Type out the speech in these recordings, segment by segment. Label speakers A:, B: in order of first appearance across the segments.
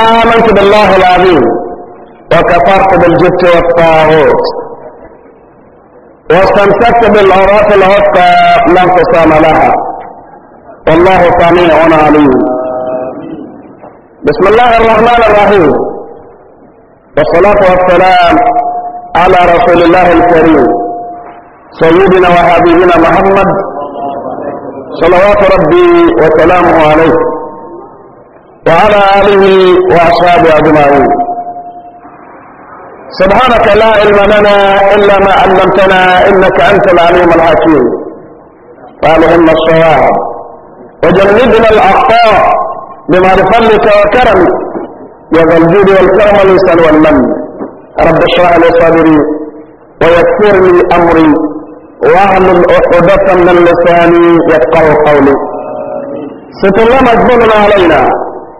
A: آمنت بالله العظيم وكفرت بالجبت والطاغوت واستمسكت بالعراة العتقى لا انقسام لها والله سميع عليم بسم الله الرحمن الرحيم والصلاة والسلام على رسول الله الكريم سيدنا وحبيبنا محمد صلوات ربي وسلامه عليه وعلى آله وأصحابه أجمعين سبحانك لا علم لنا إلا ما علمتنا إنك أنت العليم الحكيم هم الصواب وجنبنا الأخطاء بما بفضلك وكرمك يا ذا الجود والكرم والإنسان والمن رب اشرح لي صدري ويسر لي أمري واعمل عقدة من لساني يفقه قولي ست الله علينا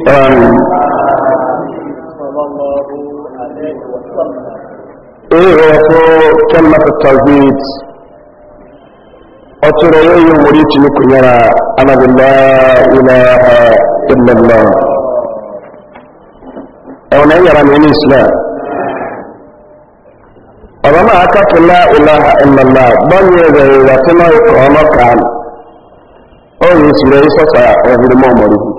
B: ịghọtụ um, kalmata
A: tawhid ọtụrụ ya ihe nwere itinye kụnyere anabila ilaha illallah ọna uh, Ọ na islam ọba ma aka tụla ilaha illallah gbanye zai ratụ na ọnụ ka ọ yi sire ọhụrụ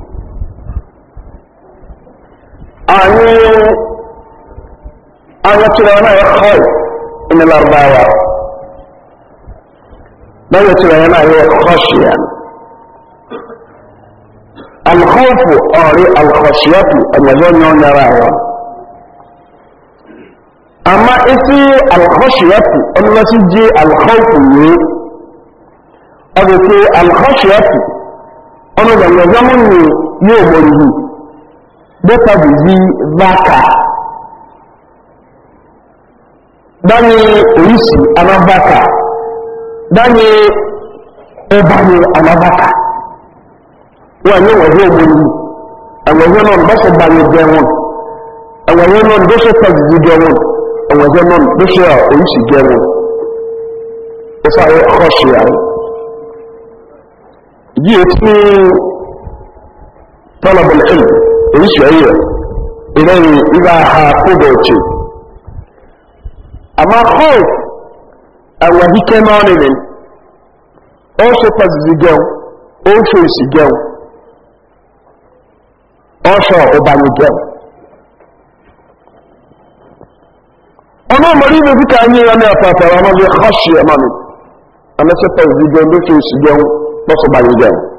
A: أني أنا ترى أنا يخوي من الأربعة ما يترى أنا الخوف أري الخشية يجون يوم يراها أما إسي الخشية أن يسجي الخوف لي أبكي الخشية أنا يجون يزمني يوم وليه dịka bụzi vaka danye oisi anabaka danye ịbanye anabaka nwanyị nwere ogboni enwere nọ ndọsọ banye dị enwụ enwere nọ ndọsọ tazizi dị enwụ enwere nọ ndọsọ oisi ya oríṣiríṣi ìrẹ́yìn ibà ha kóbọ̀ ọ̀chẹ́ àmà hope àwọn àdíkẹ́ náà nìyẹn ó ṣe pàṣẹ gẹ̀ẹ́wò ó ṣe èsì gẹ̀ẹ́wò ó ṣe ọ̀bàyẹ gẹ̀ẹ́wò ọmọ ọmọdé ìlú fíkà ní ìyàmẹ́ àpapàrà ọmọdé ọ̀ṣì ẹ̀mọ́ mi àmẹ́sẹ̀ pàṣẹ gẹ̀ẹ́wò ló ṣe èsì gẹ̀ẹ́wò lọ́sọ̀bàyẹ gẹ̀ẹ́wò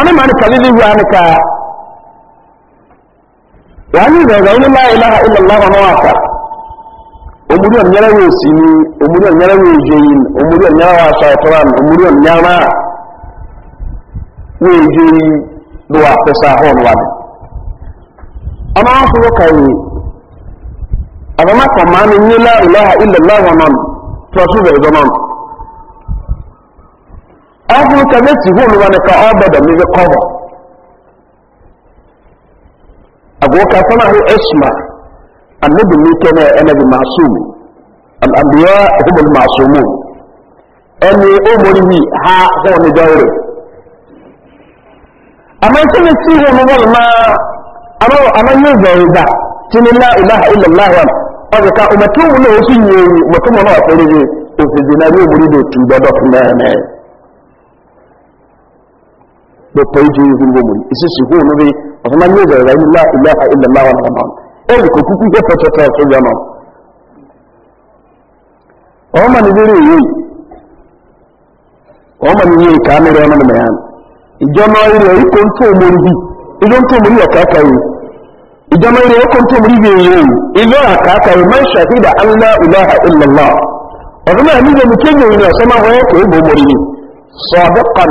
A: wani mani kalili ka wani da zaune la ilaha illallah wa waka omuri on nyara we sini omuri on nyara we jeyin omuri on nyara wa shaitan omuri on nyara we jeyin do wa pesa hon wani ama so kai agama ilaha ahụ ka mesi hụ n'ụwa ka ọ dọdọ n'ihe kọbọ agwụka sama ahụ esma annabi n'ike na enabi masum al'ambiya hubul masumu ẹni ha hụ ni dọrọ amma ita ne si hụ n'ụwa ma amma yi zai ilaha illallah wa ọdụ ka umetu ụlọ osu yi ewu umetu ụmụ na gị na ni ndị otu na-eme babban jiyoyi gungun muri isi su ko nube a kuma ne da rayu la ilaha illallah wa rahman ɗan ko kuku ya fata ta so jama o man dire yi o man yi kamera man mayan ijo no yi yi kon to muri bi ijo to muri ya ka kai ijo no yi kon to muri bi yi ni da mutum ne ya sama hoye ko bo muri sadiqan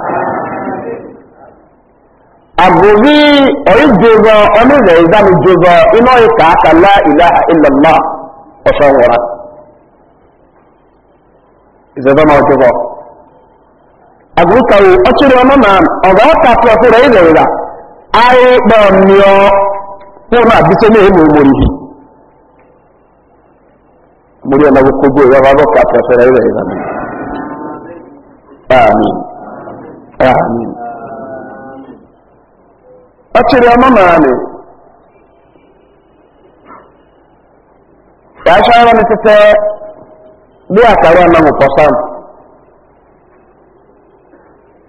A: agobi oyi jogo oni zai zani jogo ino yi ka aka la ilaha illallah ọsọ nwara ìzẹ̀dọ́ ma ọjọ́ bọ̀ agbúkàwò ọchịrị ọmọ na ọ̀gá ọ̀ta pọ̀fúrọ̀ ilẹ̀ ìrà ayé pọ̀ ní ọ pọ̀ náà bí sẹ́lẹ̀ èmò mòrì yìí mòrì ọ̀nà gbogbo gbogbo ìrọ̀ ọ̀gá ọ̀ta pọ̀fúrọ̀ ilẹ̀ ìrà mi ọchịrị ọnụ naanị ya shawara ni tete bí àkàrà náà mọ̀ pọ̀sán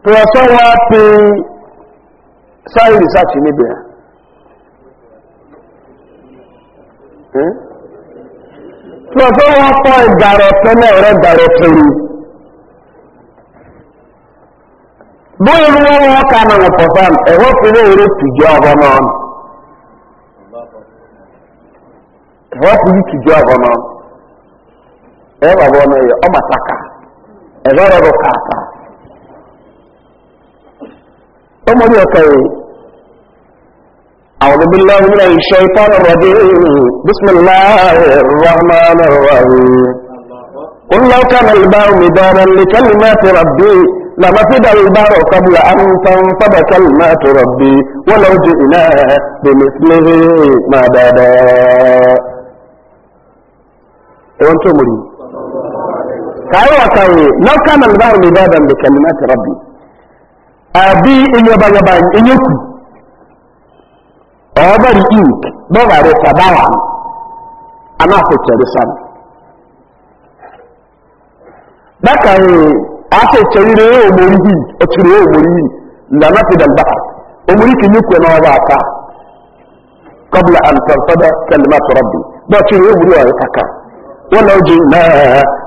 A: pọ̀sán wá pé sáyẹ̀ rìsáàtì níbi
B: ẹ̀ pọ̀sán wá pọ̀ ìdàrọ̀ tẹ́lẹ̀
A: rẹ̀ dàrọ̀ tẹ́lẹ̀ bóyá ló wọ́n wọ́n ká nà wọ́n pọ̀sán ẹ̀wọ́ fúnlé eré tùjọ́ ọ̀bọ̀ náà ẹ̀wọ́ fúnlé tùjọ́ ọ̀bọ̀ náà ẹ̀wọ́ bàbá ọ̀nà yẹ ọmọ àtàkà ẹ̀wọ́ rẹ̀ rọ̀ kàkà ọmọdé ọ̀kà yìí أعوذ بالله من الشيطان الرجيم بسم الله الرحمن الرحيم قل لو كان الباء مدارا لكلمات ربي لمفد البر قبل أن تنفد كلمات ربي ولو جئنا بمثله مددا وانتم لي كايوا كاي لو كان البر مدادا بكلمات ربي أبي إن يبا يبا إن يكو أبر إنك بغير تباوع أنا في الترسان بكاي asị kyerire yɛ omori yi ɔkyerɛ yɛ omori yi lana fi da ba omori kinyi kwe na ɔba aka kabla an tarfada kalimatu rabbi ba ɔkyerɛ yɛ omori ɔyɛ kaka oji na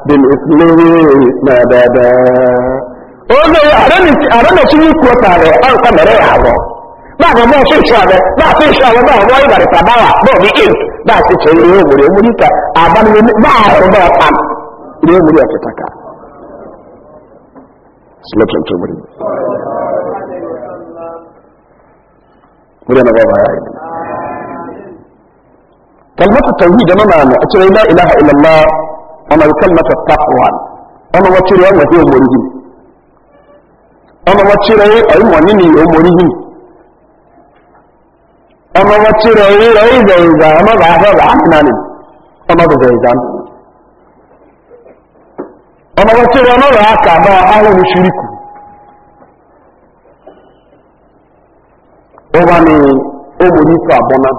A: bin ismiri na dada ozo ara na shi kuwa tare ya habo ba ga mo in yɛ omori omori ka aban ne ba ba ta ne omori salatu ta muri muri na baba ya yi kalmatu tauhid na na na ce la ilaha illallah ana kalmatu taqwa ana wace ran wace muri ana wace rai ayi wani ne o muri ana wace rai rai da ga ma ba ba ba nan ana da zai zan ọmọ wọn tí wọn lọ́rọ̀ àkà náà ahọ́n ṣíríkù ó wá ní omorito àbọ́nà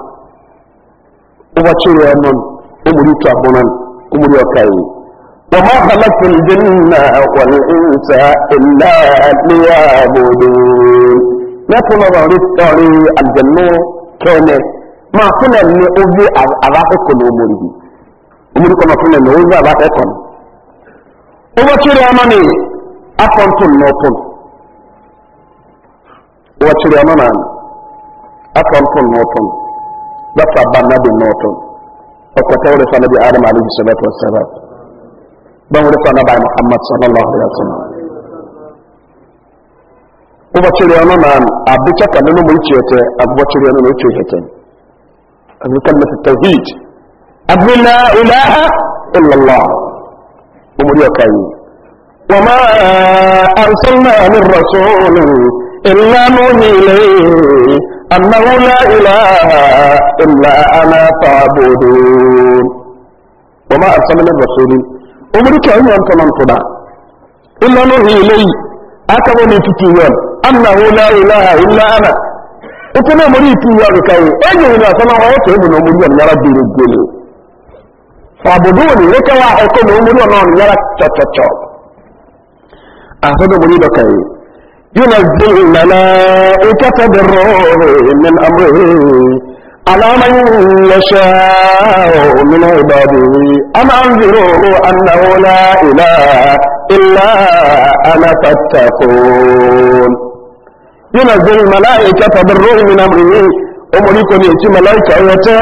A: ó wá tí wọn nọ omorito àbọ́nà omori ọ̀ka yìí wọ́n máa halakú ìdínà wọ́n ìta ìlà àdíyà àbòdò lẹ́kùn lọ́rọ̀ rí tọ́rí àjẹ̀nú kẹ́ẹ̀nẹ́ máa fúnẹ̀ ní ojú àbákẹ́kọ̀ọ́ omori omori kọ́nà fúnẹ̀ ní ojú àbákẹ́kọ̀ọ́ ụbọchịrị ọma na afọ ntụm n'ụkwụ ụbọchịrị ọma na afọ ntụm n'ụkwụ lọta banadị n'ụkwụ ọkọta wuri fana bi adam alayhi salatu wa salam ban fana bi muhammad sallallahu alaihi wa sallam ụbọchịrị ọma na abịcha ka nínú mụ iche ete abụbọchịrị ọma na ete tawhid umuri ọkayi wọ́n máa àrùsọ́nà ní rọ̀sọ́nù ìlànà ní ilẹ̀ annáwọ́lá ìlàhà ìlà anáfàbòdò wọ́n máa àrùsọ́nà ní na umuri kẹ́ ọ̀nà ọ̀tọ̀ náà tọ́lá ìlànà ní ilẹ̀ akọwọ́ ní tutu wọn annáwọ́lá ìlàhà ìlà aná ìtúnà umuri ìtúwọ́ ọ̀tọ̀ wàbùdúùnì rékẹ́ wa ọkọ̀ ní omúrí ọ̀nà ọ̀nà yára tọ̀tọ̀tọ̀ àfẹ́dọ̀ múrí dọ̀kà yìí yóò lọ sí ìlànà ìkẹta bẹ̀rọ ìmìn amúrí aláàmàyí lọ́ṣà òmìnà ìbàdí a máa ń zèrò annáwọ́lá ìlà ìlà anáfàtàkùn yóò lọ sí ìlànà ìkẹta bẹ̀rọ ìmìn amúrí omúrí kò ní ètí màláìkà ọ̀yẹ́tẹ́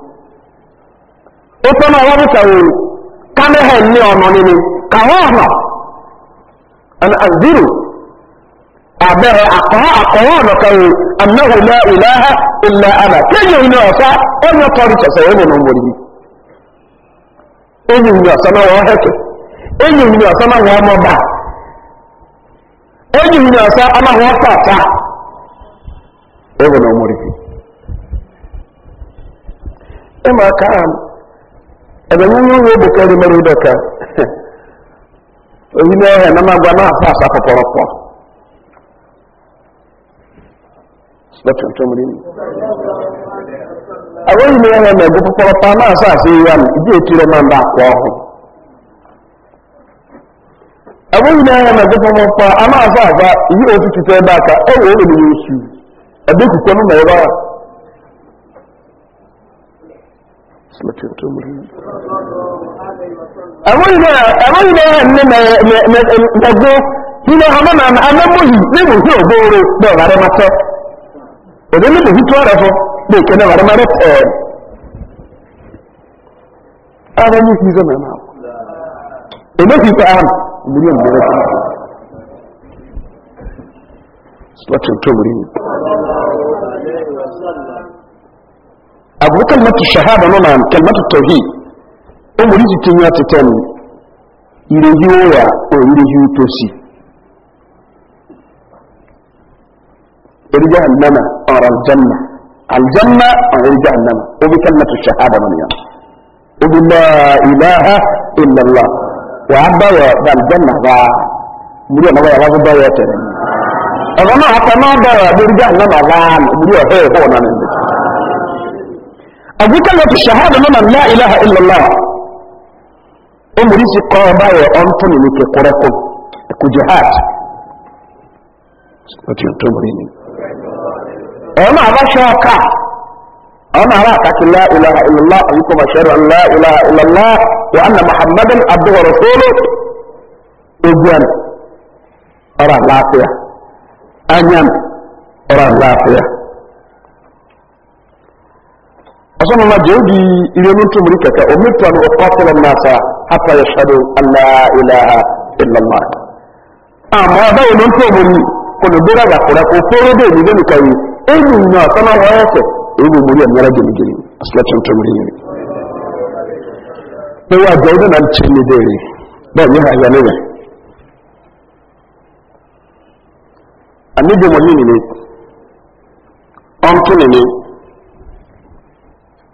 A: ụtọ na ọwa bụchawo kamehem ni ọnọ nini ka ọ ọhọ an aziru abẹrẹ akọọ akọọ ọnọ ka o anahu ule ha illa ana kéde ìní ọsọ onye tọrọ ìṣẹ̀ṣẹ̀ onye nínú wọ̀nyí bi enyi ọhụrụ. enyi ìní na náà enyi ọsọ ebe nwunye ụlọ obokere mere ụdọka oyi n'ehe na magwa na asa ihe na-egwu pọpọrọpọ na asa asa ya m iji etire na mba akwa ọhụ agwaghị m ihe na-egwu pọpọrọpọ a na-asa asa ihe otutu ebe aka osu. ebe na ebe
B: ẹ̀wọ́n ilẹ̀ ẹ̀mí
A: mẹ́gbó nínú ọmọ náà amẹ́mọ́yì léwu sí ògbóore bẹ́ẹ̀ wà rẹ̀ máa tẹ́ òde níbi hìtú ọ̀rẹ́ fún bí ìkẹ́ náà wà rẹ̀ máa rẹ̀ tẹ́ ẹ̀ ara ní ìfìzọ́ mẹ́rin àwọn èmi fi pa àmì ìmúrí ọ̀nà rẹ̀ fún mi slọ́tì tó wúrí mi. abu kalmatu shahada nuna kalmatu tauhid umuri jitin ya titan irehi oya o irehi utosi irja annama ar aljanna aljanna ar irja annama o bi kalmatu shahada nuna ya o bi la ilaha illa allah wa abba ya aljanna ba muri ma ya ba ba ya tare amma haka ma ba irja annama ba muri ya ho ho nan ne أبو كلمة الشهادة من لا إله إلا الله أمري سقا باي أنتم لك قرأكم أكو جهات أتمريني أنا بشاكا أنا راك لا إله إلا الله أيكم أشهد أن لا إله إلا الله وأن محمدا عبده ورسوله إذن أرى لا فيها أنيم أرى لا فيها أصلا ما جودي إلي من تمري كتا أمرت أن أقاتل الناس حتى يشهدوا أن لا إله إلا الله أما هذا من تمري كل برا غفرة وفور دي من كي إني ما صنع وياته إني مريا مرا جمي جمي أصلا تمري هو جودي من تشيني ديري ده يها يليه النبي مريني أنتني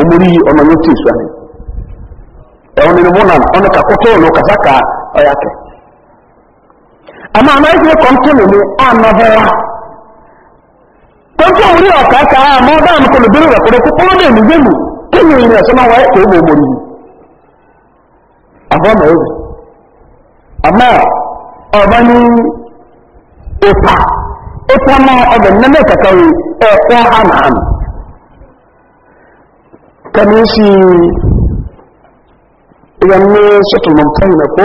A: omuri ọmọ yóò tí ìṣúra ni ẹ̀wọ̀n nínú múnà ọ̀nà kàkótó ọ̀nà kàsákà ọ̀yàkẹ́ àmà àmáyé kọ́ntínù ní ànàbọ̀wá kọ́ntínù orí ọ̀kà ká àmọ́ ọ̀dá àmukọ̀lù bí rẹ̀ kúrẹ́ kúkúrú ní èmi gbẹ̀mù kí ni ìrìn ẹ̀sọ́ máa wáyé na omori kamar shi idan ne shatul mumtahina ko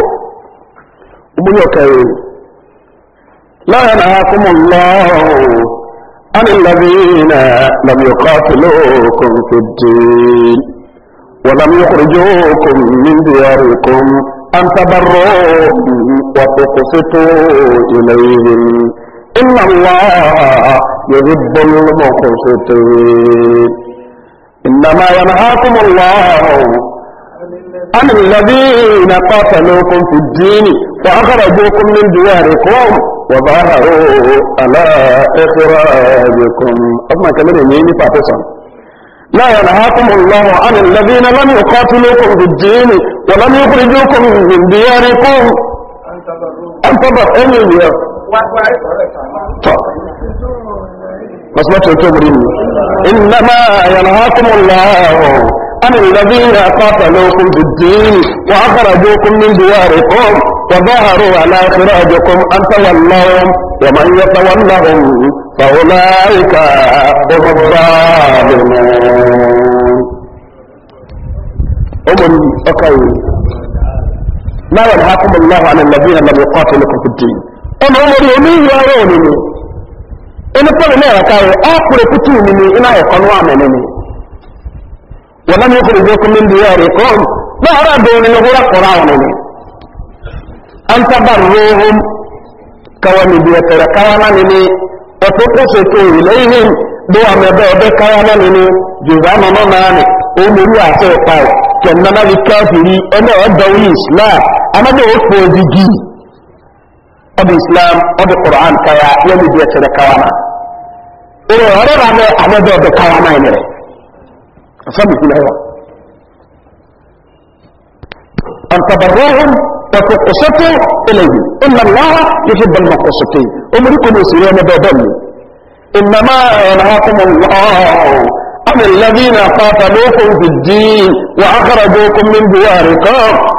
A: mun yau kai la yanhaakum Allah an alladhina lam yuqatilukum fid din wa lam yukhrijukum min diyarikum an tabarruhum wa tuqsitu ilayhim inna Allah yuhibbul muqsitin إنما ينهاكم الله عن الذين قاتلوكم في الدين فأخرجوكم من دياركم وظهروا على إخراجكم أما كمان يميني فاتسان لا ينهاكم الله عن الذين لم يقاتلوكم في الدين ولم يخرجوكم من دياركم أن تبروا أن تبروا إنما ينهاكم الله عن الذين قاتلوكم في الدين وأخرجوكم من دياركم وظهروا على إخراجكم أن تولوهم ومن يتولهم فأولئك هم الظالمون أمري لا ينهاكم الله عن الذين لم يقاتلكم في الدين أم أمري أمي يا روني inu kɔmi ne yɛrɛ kare a kure kutu nini ina yɛ kɔnɔ wa mɛnɛ ni wala mi kure bɛ kun min bi yɛrɛ kɔn ne yɛrɛ dɔɔni ne kura kɔra wa mɛnɛ an ta ba kawa ni bi yɛrɛ kawa na nini ɔtɔ kose to yi lɛ yi do wa mɛ bɛ ɔbɛ kawa na nini jova mama naani o mori wa se o pa yi kafiri ɛnɛ ɔdɔw islam amadu o o di gii. قد إسلام قد قرآن كيا يلي دي أشد كوانا إلي أرى رأي أنا دي أشد كوانا إنري أصمي في الهوى
B: أن تبروهم وتقصته إليه إن
A: الله يحب المقصتين أمركم سيئين بابني إنما ينهاكم الله عن الذين قاتلوكم في الدين وأخرجوكم من دياركم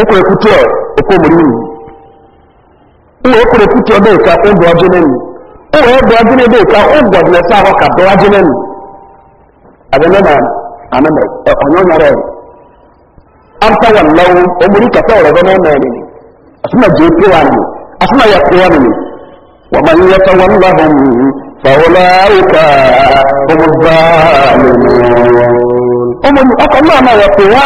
A: ekwurekwute okomuri uwe ekwurekwute beka ụgwọ jenemi uwe ebe ọdịna beka ụgwọ dị na-esa ahụ ka dọwa jenemi abịanana anamị ọnyọnyara ya amta wallahu omuri ka sa ọrọdọ na ọmọ ya ọkọ ya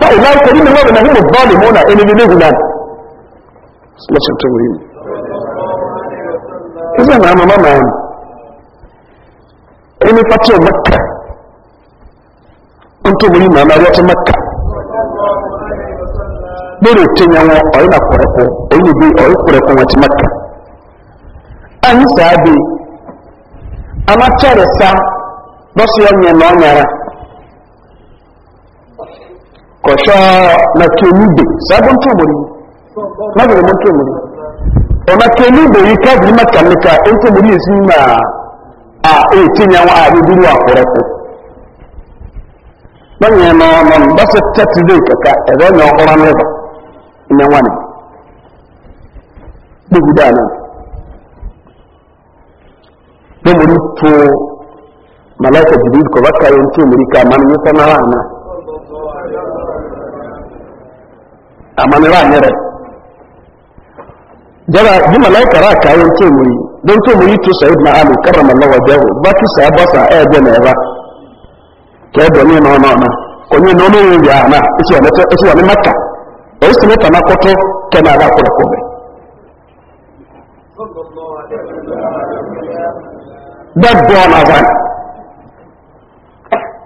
A: فأولئك الذين هم هم الظالمون إن يبلغ لنا الله سبحانه إذا ما ما ما إن فتح مكة أنتم لي ما مريت مكة lórí ìtẹ̀yàwó ọ̀yìn àkọ̀rẹ̀kọ̀ èyí bí ọ̀yìn kọ̀rẹ̀kọ̀ wọn ti mẹ́ta àyìn sá bọ́sí na nàkẹ́lúgbè sábọ́n tó mọ̀ ní lábẹ̀rẹ̀ ka tó mọ̀ ní ọ̀nà kẹ́lúgbè yìí káàkiri mẹ́kànlẹ́kà ó tó mọ̀ ní èsì ní à ètí ní àwọn ààrẹ dúró àkọ́rẹ́kọ́ ní wọn ni amanira nyere jara ji malaika ra kayan ce muri don to muri to sa'id na ali karrama Allah wajahu ba ki sa ba sa e be na ba ke do ni no no na ko ni no no yi ya na ichi wa mata ichi wa ni makka o isi ne ta makoto ke na ra ko ko be da do na zan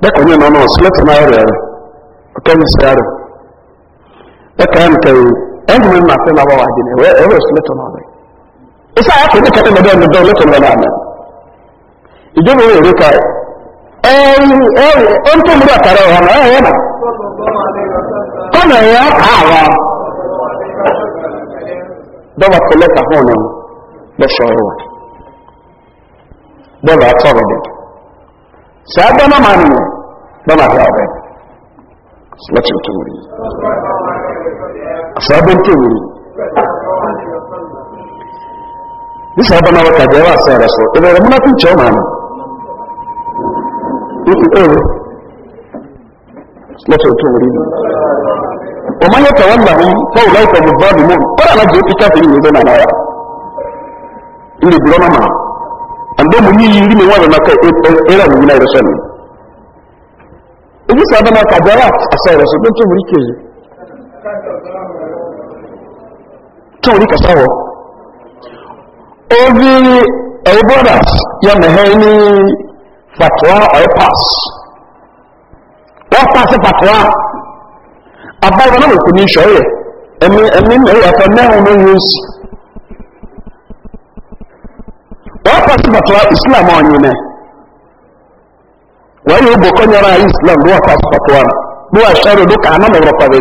A: da ko ni no no na yare ko ni sare ɛkɛyɛm kɛyɛ ɛhuma mu ase na wɔwɔ e, e, e, adi na ɛwɔ ɛwɔ esu lɛtɔ na ayɛ kɔni kɛtɛ mɛdɛ mɛdɛ lɛtɔ na ɔbɛn ìjọ mi wòle ka ɛɛ ɛɛ ɛntɛ mu dɛ ɔtara na ɛyɛ na kɔnɔ ɛyɛ ɔkaa wa dɔbɔ kɛlɛ ka hɔn na bɛ sɔrɔ wa dɔbɔ atɔrɔ de saa dɔnɔ maa ninu dɔnɔ ahɛ ɔbɛn lɛtɔ tó sabon kewuru ni sabon awa ka gaba sai da so idan mun fi ma ne eh la to to wuri o man yata wallahu fa ulaika bizalimun fara na jiki ta fi ne na ya ando mun yi yiri wala maka era mun na da sanin idan sabon awa ka gaba sai da so
B: tún orí kàsáwọ̀ orí ẹ̀yí brothers yọ mẹ̀hẹ́ ní fatuwa ọ̀yẹ́ pass wọ́n
A: pass fatuwa àbáyọ̀ náà kò ní ṣọ́yẹ̀ ẹ̀mí ẹ̀mí mẹ́rin ọ̀fẹ́ mẹ́rin ló yóò sí wọ́n pass fatuwa islam ọ̀yìn mẹ́ wọ́n yóò bọ̀ kọ́ nyara islam ló wọ́n pass fatuwa ló wà ṣẹ́rẹ̀ ló kà á náà mẹ́rin ọ̀fẹ́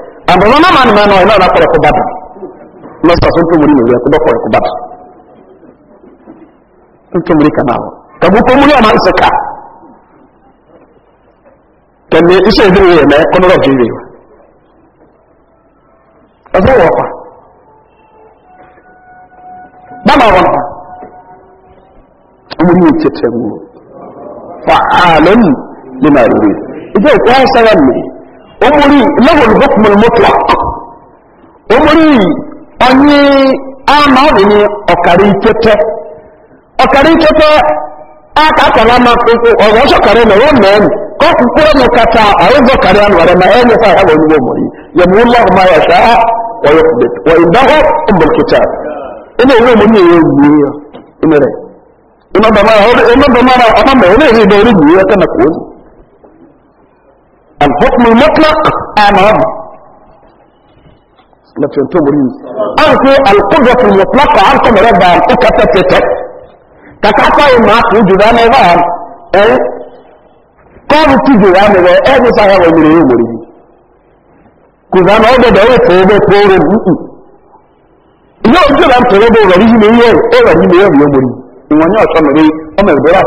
A: àmọ́ wọn máa nìmọ̀ náà iná ọ̀nàkọ̀rọ̀ kó bàbà lọ́sọ̀ tó ń tó múrí nìyẹn kó bọ́kọ̀rọ̀ kó bàbà ń tó múrí kàmá wọn kàbú kó múrí ọmọ nsọ ká kẹmí iṣẹ́ ìdúró yẹn mẹ́ kọ́nọ́rọ̀ ju ìrè ọdún wọ̀ pa bàbà wọn pa múrí yẹn mú fa àlọ́ nù ní màá rí ìjọ ìkọ́ omori mụrụ lọ́kùnmọ̀lù mọ́tò omori ọ̀nyí ama ọ̀dì ni ọ̀kàrí tẹ́tẹ́ ọ̀kàrí tẹ́tẹ́ akakọ̀rọ̀ ama ọsọ ọ̀ṣọ̀kàrí na wọ́n mẹ́rin ní ma ẹni fà ha wọ̀nyí omori yẹmu lọ́wọ́ ma yà ṣá wọ̀ ìdáhọ́ ọmọkìtà ẹni ìwé omori yẹ wù yẹ الحكم المطلق امر لكن تمرين انت القدره المطلقه عنكم ربا كتتت كتاتا ما وجدان ايضا اي قالوا تجي انا ايه كذا yóò jẹ́ láti bó rẹ̀ yìí ẹ̀ rẹ̀ yìí ẹ̀ ìwọ̀n ní ọ̀sán mẹ́rin ọmọ ìgbéra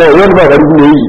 A: àmọ́ ẹ̀rọ yìí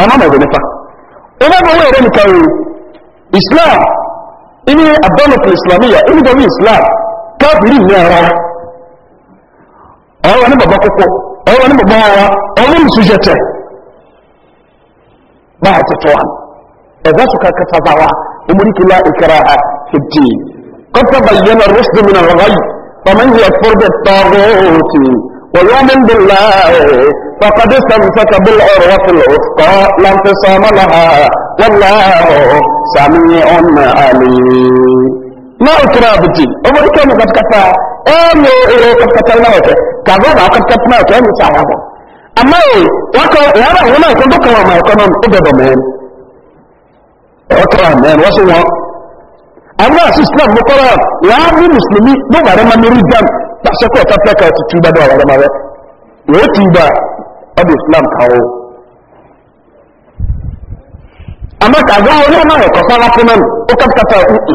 A: amama gonfa ina ba wai ran kai islam ini abdul islamiyya ini da islam kafiri ne ara ọwọ ni baba koko ọwọ ni baba ara ọwọ ni sujete ba ta tuwan da za su karkata bawa umurki la ikraha fi din qad tabayyana ar-rushd min al-ghayb faman yakfur bit-taghut wa yu'min billahi فقد استمسك بالعروة الوثقى لا انفصام لها والله سميع عليم ما أكره بتي أمر كم قد كفى أم يو قد كتلنا وك كذا قد كتلنا وك أم سامع أما إيه وكا وأنا هنا كنت كوا ما كنا أبدا من أكره من وسوا أما سيسنا بكرة يا أبي مسلمي نبغى رمى مريجان تحسكوا تفلك وتتوبة دوار رمى وتوبة dị islam kawo amma ka ga wani ma ya kwasa na kuma o tabkata uku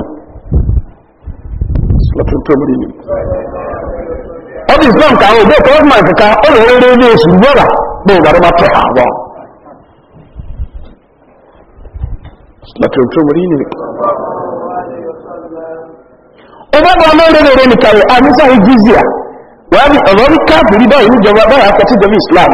A: slatin tomori ne ọdụ islam kawo bai kawar ma ka ka ọ ne su ba o gara ma ha ba ne ba ma rere rere ni kare a nisa hijizia wani ọzọ ni kafiri jọba islam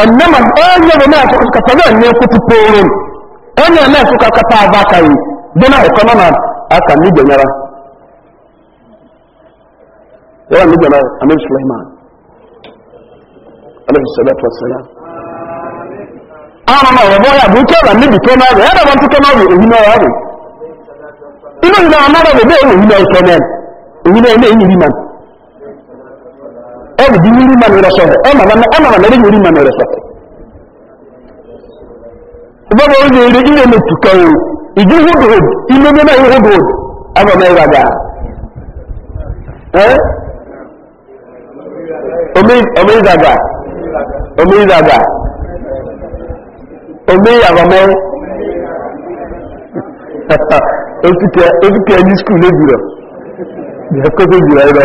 A: annama onye bụ na-asụ kakapa na na-ekwutu onye na-asụ aba aka yi na ụkọnọ na aka ndị gbenyara yawa ndị gbenyara amir suleiman alaihi salatu wasalam na ya bụ ike na ya daba n'ọrụ ime na na na ɛna di nyiri ma n'erɛ sɔfɛ ɛna ma ɛna ma n'ere nyiri ma n'erɛ sɔfɛ ìbáwọ̀ ó lè rí ilé mi tù kẹ́wò ìdí hoodwood ilé mi náà yí hoodwood ẹ̀fọ̀ mẹ́rin wà dáa ẹ́ omi ìzàgà omi ìzàgà omi ìyàwó mẹ́rin esikẹ esikẹ ní skul n'ebiro yẹ kókó jùlọ ẹ lọ.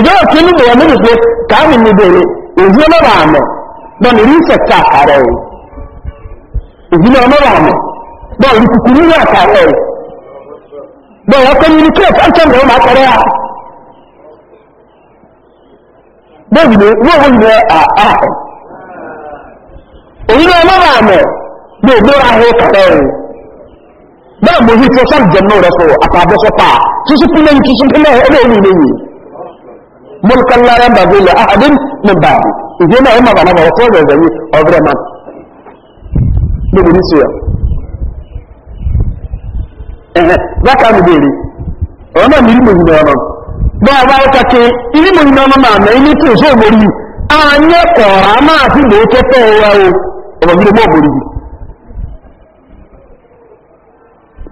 A: ìjọba tí ní bẹ̀rẹ̀ méjì pé káàmì ní bẹ̀rẹ̀ èyí ọlọ́rọ̀ àmọ̀ lọ́nà rí ìṣẹ̀ta àkàrà ẹ̀ èyí ọlọ́rọ̀ àmọ̀ lọ́nà rí kùkùrú ní àkàrà ẹ̀ lọ́nà communicate ẹ̀kẹ́ndẹ̀ ọmọ akọrẹ́ à bẹ́ẹ̀ ni wọ́n wọ́n yẹ àá èyí ọlọ́rọ̀ àmọ̀ lọ́nà gbé ra ahọ́ kàrà ẹ̀ bẹ́ẹ̀ mo rí tí ó sáré jẹ́ náà rẹ̀ fọ́ àtàbọ́sọ́pà tuntun pínlẹ̀ tuntun pínlẹ̀ ẹlẹ́yìn lẹ́yìn mulkan la yanbaghi li ahadin min ba'di ije na ma bana ba ko da ogre man ya eh ba ka ba ba ka ke na ma na to so mo anya ko ra ma de ke to wa o o ba mi mo mo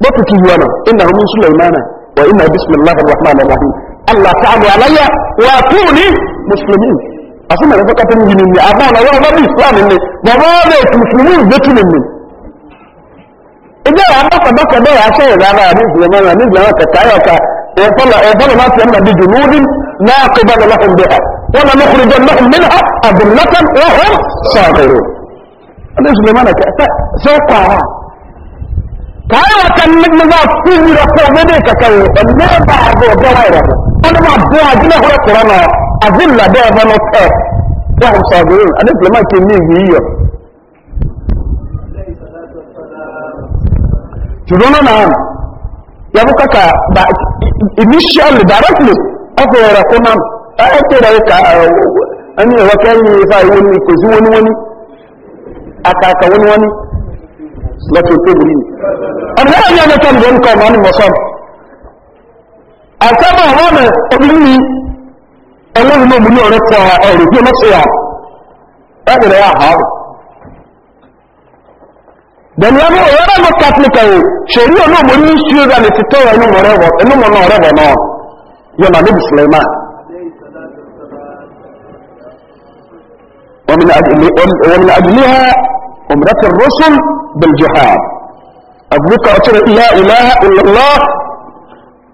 A: ri ba ki yana inna wa inna bismillahir rahmanir rahim الله تعالى علي وكوني مسلمين أصلا أنا فكرت من جنين أبانا وأنا ما بإسلام إني بابا بيت مسلمين بيت مني إذا أبقى بقى بقى عشان إذا أنا أبيز لما أنا أبيز لما كتايا وطلع اقول ما تيمنا بجنود لا قبل لهم بها ولا نخرج لهم منها أذلة وهم صاغرون الإسلام أنا كأتا سوقها كايا كان من نظام فيه رفض بديك كايا النبع بوضوائي رفض wọ́n máa bọ́ ajílẹ̀ ọ̀rẹ́ kọ̀rọ̀ náà azilla bẹ́ẹ̀ bọ́ lọ tẹ̀ tí àwọn sàgbérò adébìlẹ́mà kì í ní ìwé yíyọ. ṣùgbọ́n náà yàgò kàkà initially directly ọkọ̀ ọ̀rẹ́ kọ́ náà ẹ̀ tó rẹ̀ ká ẹni ẹ̀rọ kẹ́yìn ifá ìwé asama wọn na obìnrin ẹlẹ́rìí na mú ní a ẹ̀rù bí ya yà ẹ̀rẹ̀ yà ha na dẹ̀ni ẹni ọ̀rẹ́ náà mú catholic ẹ̀yẹ ṣèrí ọ̀nà mú ní ṣíra ní ti ẹnu mọ̀ rẹ̀ ẹnu mọ̀ náà rẹ̀ náà yọ nà níbi sùlẹ̀mà ومن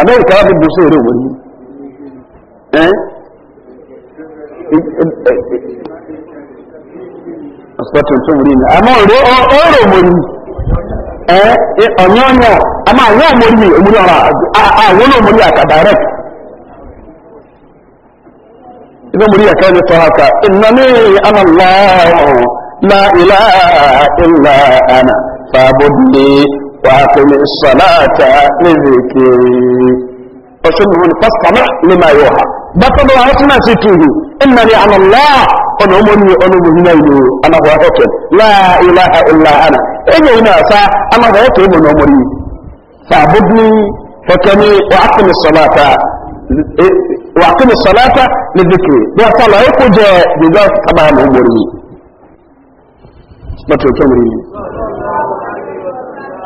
A: amẹ́ríkà wà bụ bùsùn èrè wòlíì ọ̀sọ̀tún tó wùrí ní àmọ́ òrò òrò mòrí ọ̀nyọ́ ọ̀nyọ́ àmọ́ àwọn direct ibi òmòrí àkà ẹni tọ́ra ká iná ní la ilaha illa ana وأقم الصلاة لذكري وسمه فاستمع لما يوحى بطل وعصنا ستوه إنني على الله قل أمني أنمني نيلو أنا هو أكل لا إله إلا أنا إذا هنا أسا أنا هو أكل من أمني فاعبدني فكني وأقم الصلاة وأقم الصلاة لذكري وصلاة يقول جاء بذلك كما أمري ما تقول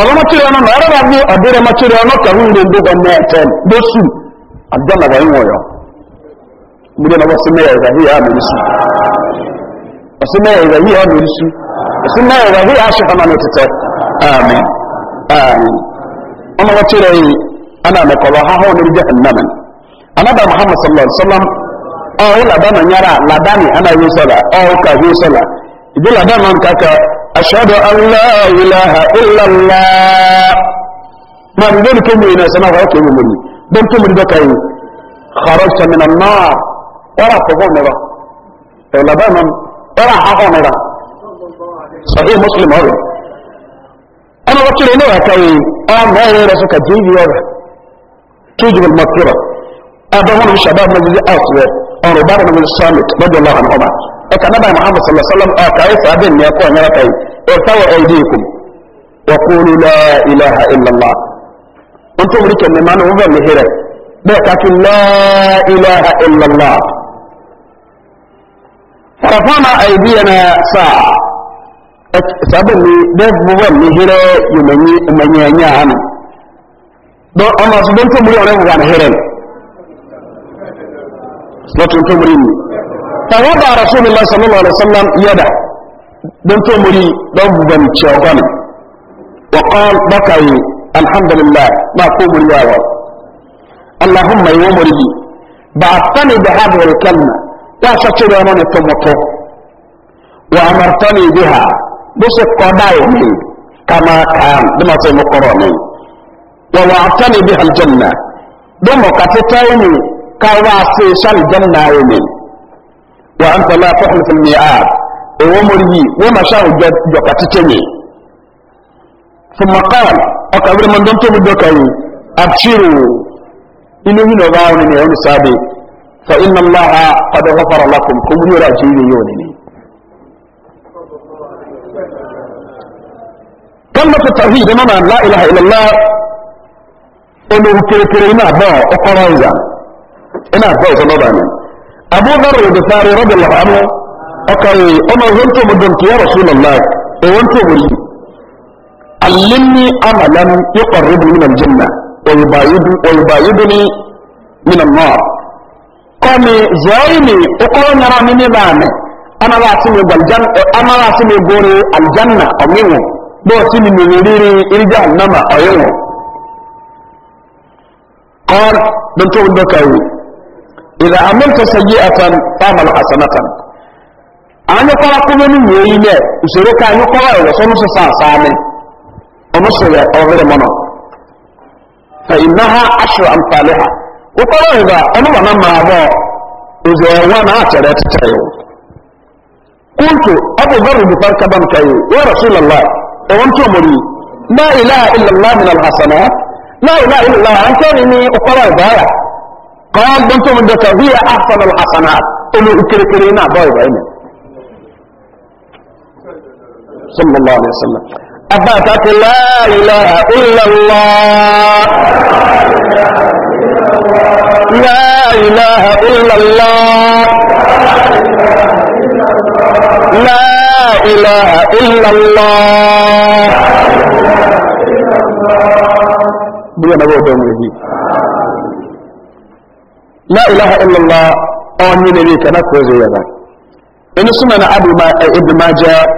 A: ọlọ́mọtìrì ọ̀nà náà ọ̀rọ̀ bí ọ̀dẹ́rẹ́ mọ́tìrì ọ̀nà gbogbo ya ẹ̀tẹ́ lóṣù àjọ́nàwà ìwọ̀nyọ̀ na náà wọ́símẹ́yà ìràhíyà àmìrísù wọ́símẹ́yà ìràhíyà àmìrísù wọ́símẹ́yà ìràhíyà aṣọ́kànnà ní títẹ́ àmì àmì ọmọ wọ́tìrì yìí ana mẹ́kọ̀ọ́ hahọ́ ní jẹ́ ẹ̀nàmì anábà muhammad sallallahu alaihi wasallam ladani أشهد أن لا إله إلا الله ما دون كم إنا سنة وكم مني دون كم بكي خرجت من النار ولا قبول نرى إلا بانا ولا حقا نرى صحيح مسلم هذا أنا بطل إليها كي أنا هي رسوك جيبي هذا توجب المغفرة أبهون الشباب من الذي أصبر أن ربنا من الصامت رضي الله عنهما وكان نبي محمد صلى الله عليه وسلم أكايس آه، أبن يقول نرى كي ارفعوا ايديكم وقولوا لا اله الا الله انتم ريكن ما نوبا مهره بكات لا اله الا الله فرفعنا ايدينا ساعه sabon ne don buwan ne hira yi manyanyi a hannu don a masu don tumuri a ranar wani hirin slotin tumuri ne tawada rasulullah sallallahu alaihi wasallam yada بنتو مري دوم بن شوغان وقال بكاي الحمد لله ما قوم الياوى اللهم يوم لي بعثني بهذه الكلمة تاسكي بأمان التمطو وأمرتني بها بسك قبائمي كما كان بما سيمقراني ووعدتني بها الجنة دم كتتيني كواسي شل وأنت لا تحلف الميعاد ewo moriyi wo ma sha ujja joka titenye thumma qala akabira man donto mu doka yi abshiru inu hino bawo ne wani sabe fa inna allaha qad ghafara lakum kum yura jiri yoni ne
B: kalmat tawhid mama la ilaha illa allah
A: ono kekere ina ba okoro iza ina ba zo no ba ne abu dharr da fari radiyallahu anhu أكاي أنا وانتو مدنك يا رسول الله وانتو مريد علمني عملا يقرب من الجنة ويبايد ويبايدني من النار قومي زايني وقومي رامي نظامي أنا لا أسمي بالجنة أنا لا أسمي بوري الجنة أمينه بو أسمي مريري إرجع النمى أيوه قال بنتو بكاوي إذا عملت سيئة فاعمل حسنة anyụkwara kwụrụ n'ihe ime usoro ka anyụkwara ụwa sọ n'ụsọ saa asaa ame ọmụsịrị ọbịrị mọnọ fa ina ha ashụ amfani ha ụkwara ụwa ọnụma na mma abụọ ụzọ ọnwa na achere echiche ya kuntu abu zarri bi farka ban kai ya rasulullah da wanto muri la ilaha illallah min alhasanat la ilaha illallah an tani ni ukwara ubara qal bantu min da tabiya ahsan alhasanat umu ikirkirina bai bai ne صلى الله عليه وسلم
B: أباتك لا إله إلا الله لا إله إلا الله لا إله إلا الله
A: لا إله إلا الله أمين من يبيك كوزي يا ذا إن سنن أبو ما ابن ماجه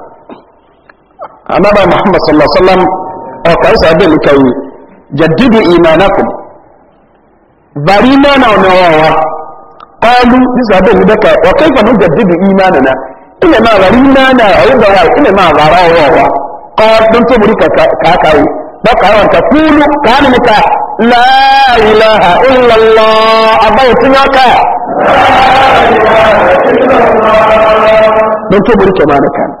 A: anaba muhammad sallallahu alaihi wasallam ọkà isa abẹ́lì kẹwì jẹ̀dìdì ìmànàkùn bari mẹ́nà ọ̀nàwọ̀wà kọlu isa abẹ́lì bẹ́kẹ̀ ọkà isa mú jẹ̀dìdì ìmànàna ilẹ̀ máa bari mẹ́nà ọ̀yẹ́dọ̀wà ilẹ̀ máa bàrà ọ̀wọ̀wà kọlu tó múrí kàkàwì bọ́kà àwọn ta kúlù kánì níta láìláha ìlàlọ́ abáyé tí wọ́n ká láìláha ìlàlọ́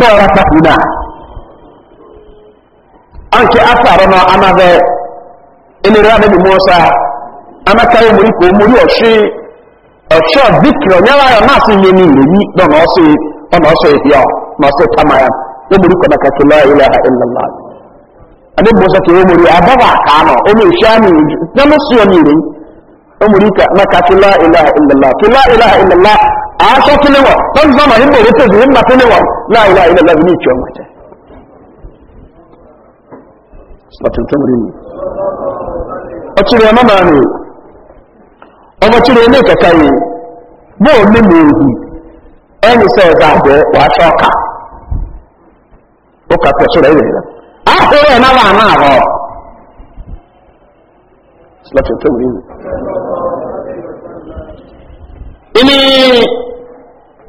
A: bọ́ọ̀rọ̀ pàtàkì anke asaro no anave enere anabi musa amakare muri ko muri ohwe ohwe dikro nyala ya ịlọ e ha ka na mo so ka la ịlọ ha aṣọ kí ni wọ̀ tọ́jú sọ́mọ̀ yìí bòrò tèzì yìí màtí ni wọ̀ láìlá ilẹ̀ lẹ́bi ní ìtì ọmọ jẹ́ sọ́tún ọmọ máa rè ọmọ túrẹ ilé kẹta yìí bóò ní mi èyí ẹni sọ ẹ̀dá àgbẹ̀ wà á ṣọ́ ọkà ó kà pẹ̀ rẹ̀ ni.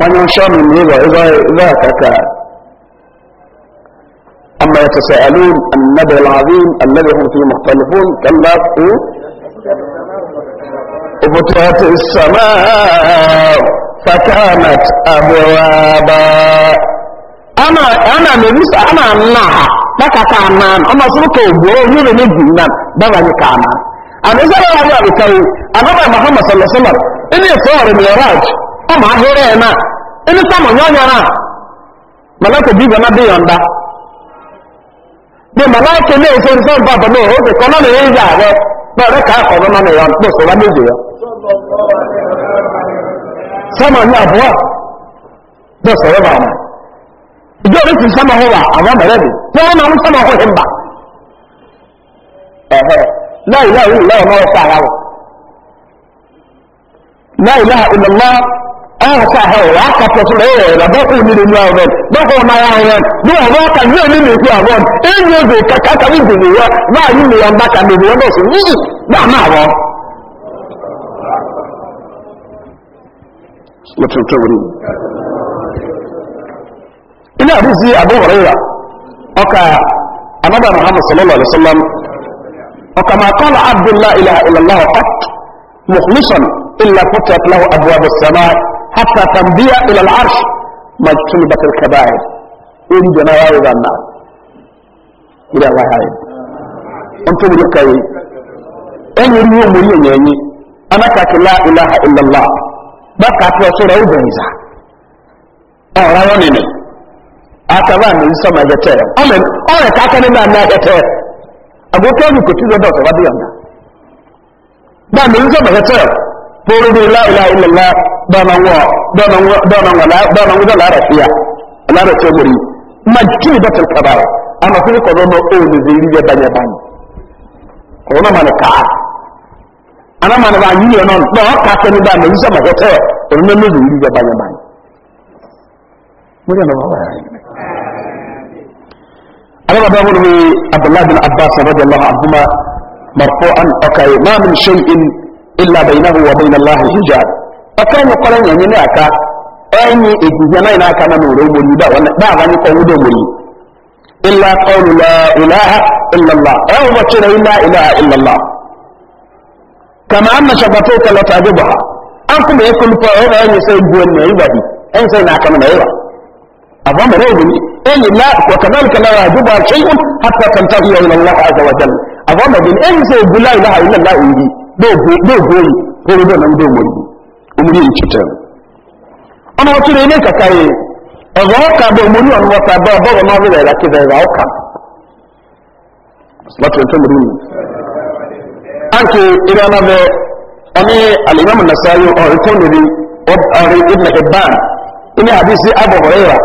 A: ومن شام من ذاتك أما يتساءلون النبي العظيم الذي هم فيه مختلفون كلا وفتحت السماء فكانت أبوابا أنا أنا مبيس أنا أنها لك كامان أما سلوك وبوه من الجنان بابا كامان أنا إذا لا أعلم أنا محمد صلى الله عليه وسلم إني صار من ọmọ ahịrị ya a ịnụ samọ nye na malaka ji gana dị ya mba dị malaka na-eso nsọ mba bụ na oge ka ọ na-enye ahụ na ere ka akọ nọ na ya ya ya Sama nye abụọ dị sọrọ ya ama ìjọ ọrụ ti samọ mere dị na Sama ọhụrụ mba ehe ọhụrụ. la ilaha illallah ọ̀hún ah, sáà wà á kàtọ̀ sí lẹ́yìn ẹ̀rọ bọ́kùn nínú inú àwọn ọ̀rọ̀ bọ́kùn ọmọ ara wọn ní ọ̀rọ̀ ọ̀kà ní òní ní ka àwọn ẹ̀yìn òbí kàkà kàbí gbèrè wọn náà ka ni ọba
B: kà lèbi wọn náà sí yìí muhammad
A: sallallahu alaihi ilaha illallah مخلصا إلا فتحت له أبواب السماء حتى تنبيع إلى العرش مجتنبة الكبائر إن جناوي ذا النار إلى وهاي أنتم لكي أن يريد مريم يعني أنا كاك لا إله إلا الله بكا توصر أو جنزة أو روانيني أتبع من سما جتير أمن أنا كاك نبع ناجتير أبو كيف كتير دوت رضي الله ba mai zo daga cewa foro da la ilaha illallah ba nan wa ba nan wa ba nan wa ba nan wa la rafiya la rafiya guri majkini da talkabara amma kuma ko don o ne zai yi da ya bani ko na mana ka ana mana ba yi non ba ka ta ni ba mai zo daga cewa ko ne ne zai yi da ya bani mun yana ba ana ba mu ne Abdullah bin Abbas radiyallahu anhu مرفوعا أكاي ما من شيء إلا بينه وبين الله حجاب أكاي أن يعني أكا أني إجزنا ناكا نمور أمري دا دا غني قوم أمري إلا قول لا إله إلا الله أو بطر إلا إله إلا الله كما أن شبطوك لا تعجبها أنكم يكون فأنا أني سيبون عبادي أني سيناكا من عبادي أظام رأيني أي لا وكذلك لا يعجبها شيء حتى تنتهي إلى الله عز وجل àwọn ọmọdé ní ẹni sẹ ògùn láì láhà ilẹ̀ láì yìí dóògùn yìí kóró bẹ́ẹ̀ náà ń dóògùn yìí omori yìí títẹ̀ ọmọ ọtún ní ilé kàkà yìí ọ̀rọ̀ ọkà bẹ omori ọ̀nà wọ́ta bẹ ọbọ̀rọ̀ náà wílẹ̀ ẹ̀rà kí bẹ̀rẹ̀ ọkà láti ọjọ́ mìíràn mi. àǹkì ilé ọ̀nà bẹ ọ̀ní alimami nasayo ọ̀rẹ́ tó lórí ọ̀rẹ́ ibn ibban ilé àdìsí abu huraira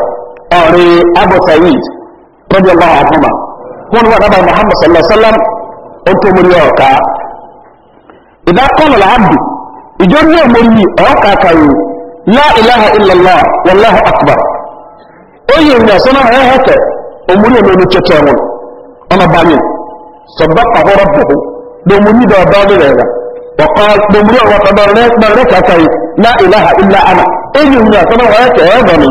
A: ọ̀rẹ́ abu sayid rọ́bì allah ahumma wọn wà dábàá muhammad sallallahu alaihi wa sallam otomori ọka ìdákọ́nà láàbù ìjọ ní òmòrí ọ̀ọ́kà kàrí láìláha ìlàlá wàláhà àkùbà oyin ìrìn àṣọ náà ẹ̀ hẹ́kẹ̀ òmòrí òmòrí tẹ́tẹ́ wọn ọmọ bani sọ̀bá pàhọ́rọ̀ bùhù lòmòrí dọ̀ ọ̀dọ́ ní rẹ̀ wọ̀kọ́ lòmòrí ọ̀wọ́ tọ́dọ̀ rẹ̀ kàkàrí láìláha ìlà àmà oyin ìrìn àṣọ náà ẹ̀kẹ̀ ẹ̀ bọ̀ ni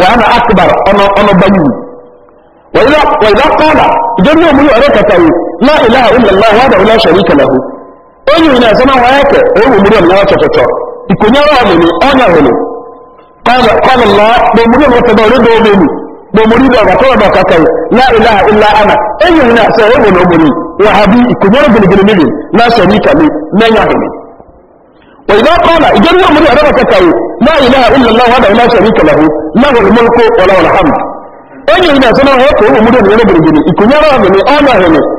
A: wàhánà àkùbà ọmọ bani wọ̀nyí wọ̀nyí la ilaha illallah wa da ula sharika lahu onye ina zama wa yake na wata toto ikonya wa mu ni onya ya qala qala allah do wa ta do la ilaha illa ana onye ina wa habi ikonya la sharika na ya wa idha qala idan wa la ilaha wa sharika lahu wa ina na wata toto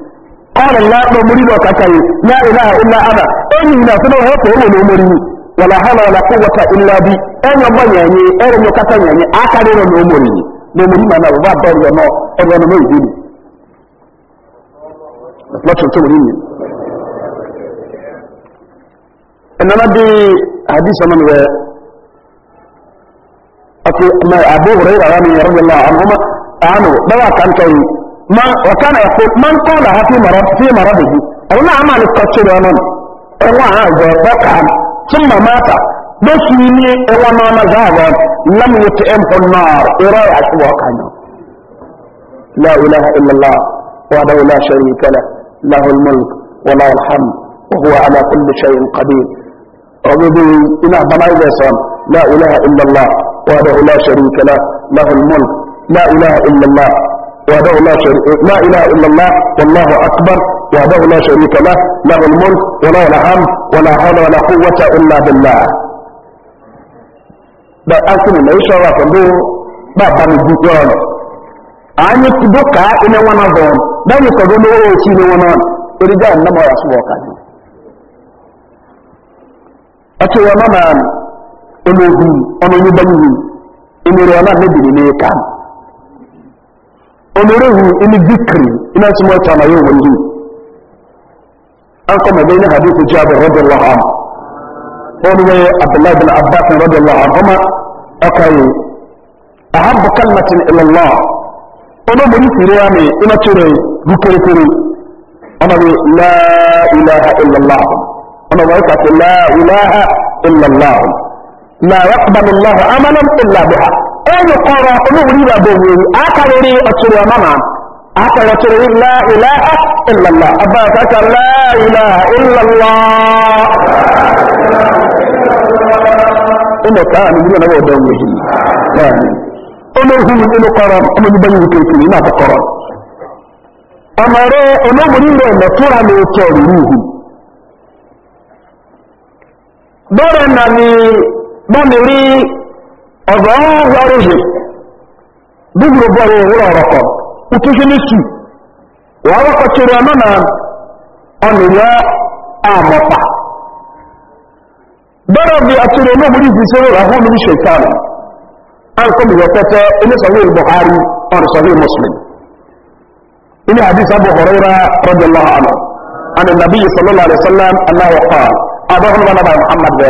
A: nal ana akp morin ọkaha yi narịra a ụla ana enyi h na nhụkụ ewe n omori wna ha naa akwụ ụgwụọcha ladi enyobnye e erny kacha ny ny a karrụ na omri naomi aụ aa akanai ما وكان يقول من قالها في مرض في مرضه او نعم على الكتر ومن هو هذا بكى ثم مات مني هو ما مزاغ لم يطعمه النار إراية أشواق لا إله إلا الله وحده لا شريك له له الملك ولا الحمد وهو على كل شيء قدير أعوذ إلى بلاي لا إله إلا الله وحده لا شريك له له الملك لا إله إلا الله وحده لا شريك لا اله الا الله والله اكبر وحده لا شريك له له الملك وله الحمد ولا حول ولا قوه الا بالله da asini na na wa kando ba ba ni duka wani an yi duka ina wani zon da ni kado ne o Na ne wani wani iri da annama a ce wa ologun ọmọ mebiri ne omerehu ini dhikri ina tumo tana yo wali an kuma bayna hadithu jabir radiyallahu anhu wani ne abdullah bin abbas radiyallahu anhu akai ahabbu kalmatin ila allah ono muri ina ture rukuri kuri bi la ilaha illallah. allah ona wa la ilaha illa ẹ̀rù kọ̀rọ̀ olóòwúrí ìbàbòwò àkàrírí ọ̀tùrù ọ̀nà náà àkàrà tó rí ńlá ilẹ̀ ìlàlá abáàkàkà láìlà ìlàlá inda kawo ne na wadda wani shi kawo olóhun inú kọrọ ọmọ yìí báyìí wùtò ìkìlì náà tó kọrọ ọmọ rẹ olóhun rẹ ọ̀gọ́ ọ̀rọ̀ ìhè dúgbùrù bọ̀rọ̀ ìwúrọ̀ ọ̀rọ̀kọ̀ ìtúnṣe lẹ́sù ọ̀rọ̀kọ̀ tẹ̀rẹ̀ ọ̀nà na ọ̀nìyà àmọ̀pà bẹ́rẹ̀ bí àtúrẹ̀ náà múlí ìfisẹ́ ọ̀hún mi ṣèkárì alkọ́mù yọ̀pẹ́tẹ́ oníṣàwé buhari ọ̀rọ̀ṣàwé muslim hadis hadith abu huraira radiyallahu anhu an nabi sallallahu alaihi wasallam annahu qala abahun wala muhammad be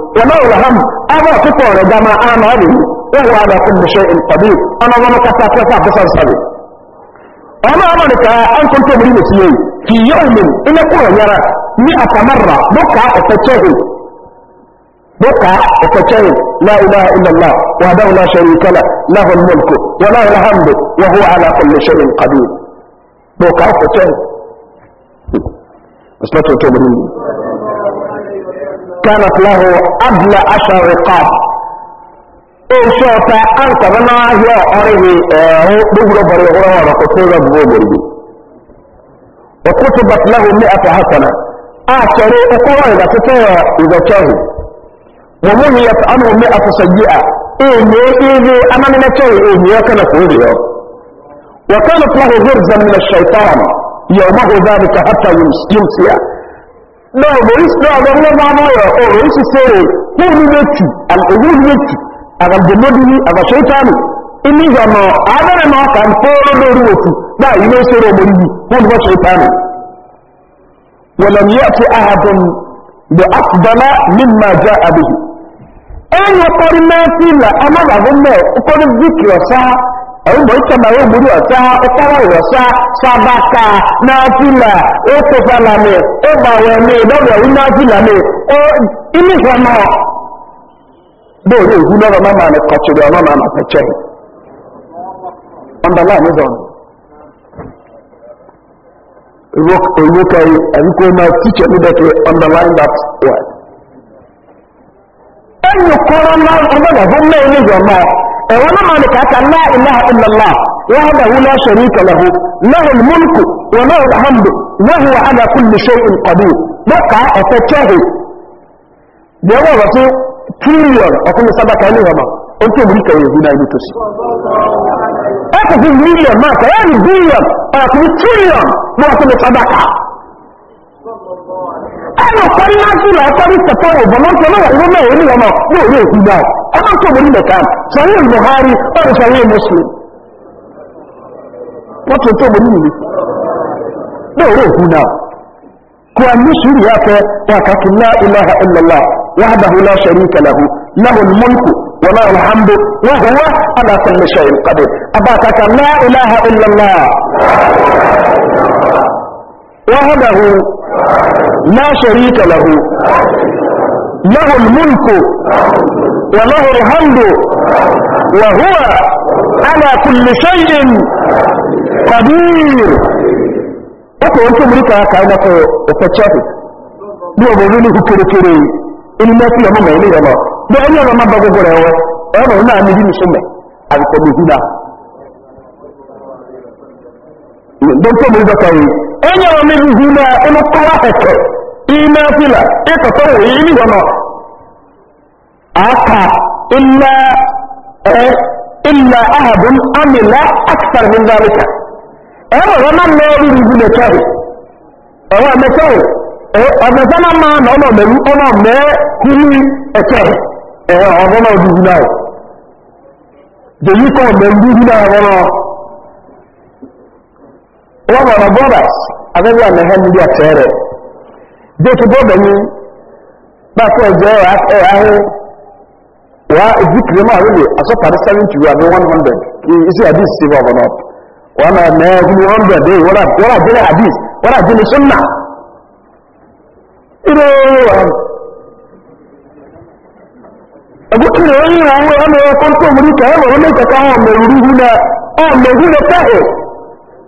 A: وما لهم أبا كفور جما آمالي وهو على كل شيء قدير أنا وما كفاك يفع بصر سبي أنا أمرك أن كنت مريم سيئي في يوم إن قوة يرى مئة مرة بكى أفتشه بكى أفتشه لا إله إلا الله وحده لا شريك له له الملك وله الحمد وهو على كل شيء قدير بكى أفتشه بس لا تنتظرين كانت له أبل عشر رقاب إن شاء الله أنت بما هي أريه آه، بغرة بريغرة ورقصورة بغرة وكتبت له مئة حسنة أعشر أقوى إذا كتير إذا كتير ومهيت عنه مئة سيئة إني إذي أنا من كتير يا وكان كوريا وكانت له غرزا من الشيطان يومه ذلك حتى يمسيها náà oríṣi náà lọ́wọ́ lọ́wọ́ máa yọ oríṣi sẹ́rẹ̀ kúrò ní méjì àgbègbè ní méjì àgbàgbèmọ́dì ní àgbàṣẹ́tàmì inú ìgbàmọ̀ àádọ́rẹ̀ máa kà ń fọ́ọ́rọ́ lórí òkú náà ilé sẹ́rẹ̀ ọmọ yìí wọ́n bọ́ ṣẹ́tàmì wọ̀lọ̀mí àti ahàbọ̀n lè àkùdọ́lá mímọ̀ já àbèjì ẹ̀yìn ọkọrin náà sí ilà ọmọ ẹ̀rùbọ̀ ìtẹ̀mọ̀ yóò gbúrú ọ̀sá ọ̀pọ̀rọ̀ ìrọ̀sá sábàkà náàfìlà ọ̀pọ̀fàlàmì ọ̀bàwẹ̀mí ìdọ́gbẹ̀rú náàfìlàmì inú ìfọ̀nà bóòrò ìhú lọ́rọ̀ mọ́mà ní kọ̀tùrì ọ̀nà náà pẹ̀chẹ́ ọ̀dọ̀lá nìzọ̀nù ìwókẹ̀rì ẹ̀ríkọ́ náà tíṣẹ̀ níbẹ̀kẹ̀ underline that
B: word ẹ̀yìn kọ́rọ̀ náà
A: ọgbọ́dọ̀ fún mẹ́rin nìzọ̀nù وانا مالك أتى لا إله إلا الله وحده لا شريك له له الملك وله الحمد وهو على كل شيء قدير بقى أتكاه جوا وفي تريون أقول سبك عليهما أنت مريك ويهدنا يبتسي أتكي مليون ما كان بليون أتكي تريون ما أقول سبك ẹ̀rọ sọ́rí náà sí lọ sọ́rí sẹ̀pọ̀rọ̀ bọ̀mọ́sọ̀ náà ìwé mẹ́rin ní ọmọ yóò rí òkú gbà ọmọ tó borí lẹ̀ka sọ̀rí buhari ọ̀rọ̀ sọ̀rí muslim wọ́n tó tó borí nìyí yóò rí òkú náà kò à ní sùúrù yá fẹ́ pàtàkì náà ilaha illallah wàhádàhù náà sọ̀rí kẹlẹ́hu lahùn mọ́lùkù وله الحمد وهو على كل شيء قدير أباتك لا إله إلا الله وحده لا شريك له له الملك وله الحمد وهو على كل شيء قدير ọkọ̀ orí tó mú ríkà aka ẹgbẹ́ ọ̀fẹ́ traffic ní ọmọ orí níhu kérékéré inú mẹ́sí ọmọ mẹ́rin rẹ̀ lọ ní ọmọ ọmọ máa bá gbogbo rẹ̀ wọ ẹ̀rọ náà ní bí nìṣúmẹ̀ àbùkọ̀ lè húdà dókítà mú ríkà yìí enye omebizi na ịmụkọwa heke ime fila ịkọta nwere ili hụ nọ aka illa e, illa ahadun na akthar min zalika e nwere na nna eri na ekeghị ewe emekeghị e, ọ na mma na ọnọ meru ọnọ mee hiri ekeghị ee ọbụna obibi na ya ndị na ya wọ́n mọ̀rọ̀ bọ́bàs abẹ́bí na hẹ́mí bí àtẹ́rẹ̀ bí kí bọ́bà ní pàtó ẹ̀jẹ̀ ẹ̀ ahé wà ìdíkìrì máa rírì àsọ́pàdé 70 àbí 100 kí isi àdís sí bọ́bà náà wọ́n 100
B: dé wọ́n àjẹ́lẹ̀ àdís wọ́n àjẹ́lẹ̀ súnà irú ẹgbẹ́kìrì oyin àwọn ọmọ ẹ̀kọ́
A: tó mú ní kẹ́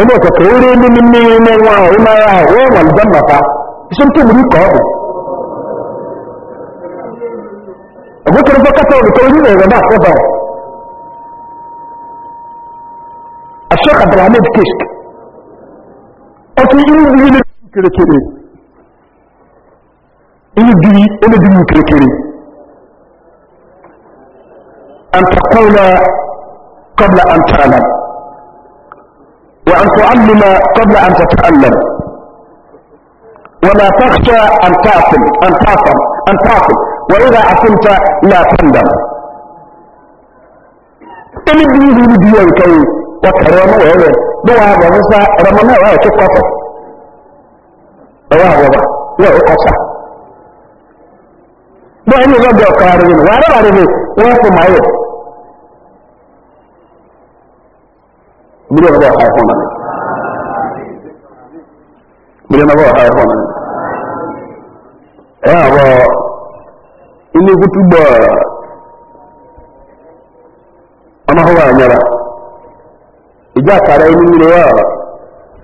A: ọmọ ọ̀tọ̀kọ̀ orí ní nínú inú wọn àwọn náírà wọ́n wà lùdá màfá iṣẹ́ tó mú kọ́ ọ̀bù ọ̀gbọ́kọ̀ ọ̀gbọ́ kẹta olùkọ́ orí rẹ̀ náà fọ́bà ashok abdulhamid kisk ọtí inú ilé kìrìkìrì inú bíi olóbìnrin kìrìkìrì antakọ́lá kọ́bla antakọ́lá وأن تعلم قبل أن تتألم ولا تخشى أن تعصم أن تعصم أن تعصم وإذا عصمت لا تندم تلبيه لبيه كي وكرمه وهذا دعاء موسى رمنا وهذا كفاته وهذا وهذا وهذا دعاء موسى دعاء كارين وهذا وهذا وهذا miliyan ba a haifon nan miliyan ba a haifon nan ya eh, ba ini kutu ba ama hawa nyara ija kare ni mire ya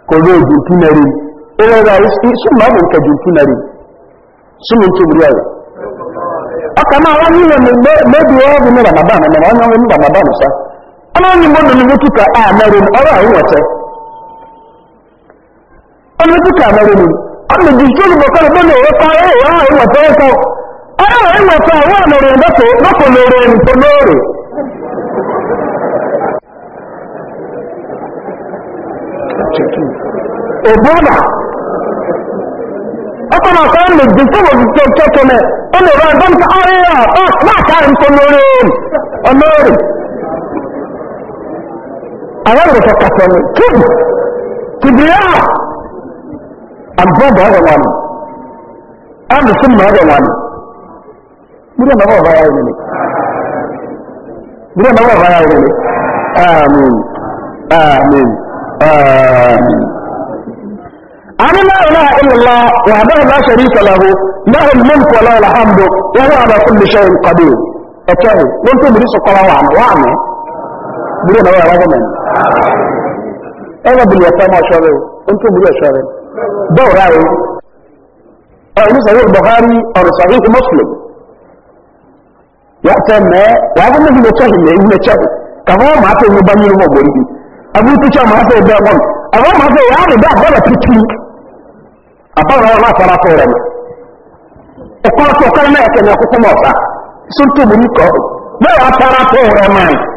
A: ko zo juntunari ina da isi sun ma mun ka juntunari sun mun tuburiya aka ma wani ne mai biyo bi ne ramadan ne ma wani ne ramadan sa ọnụ onye mmadụ na mmetụ ka a merụ ọrụ ahụ nweta ọnụ a merụ m bụ na ọrụ ahụ nweta ọrụ ahụ nweta ọkọ na ọkọ ọnụ dị na-aka أغير فقطني كبر كبرياء الضب هذا الأمر أنا السنة هذا الأمر مريم الله غير منك مريم الله غير منك آمين آمين آمين أنا لا إله إلا الله وحده لا شريك له له الملك وله الحمد وهو على كل شيء قدير أتاني وانتم بريسوا قرار وعمي buru na wàrà gọọmẹnt ẹnna bìlì ẹ̀fọ́ ọmọ ọ̀ṣọ́rẹ́ o ntú bìlì ọ̀ṣọ́rẹ́ o muslim yàtọ̀ mẹ́ wàá fún mi na ìlẹ̀ ìlẹ̀tọ̀ kàwọn ọmọ afẹ́ mi bá ní ìwọ̀ gbòòrì bi àbúrò tíṣà ọmọ afẹ́ bẹ́ẹ̀ wọn àwọn ọmọ afẹ́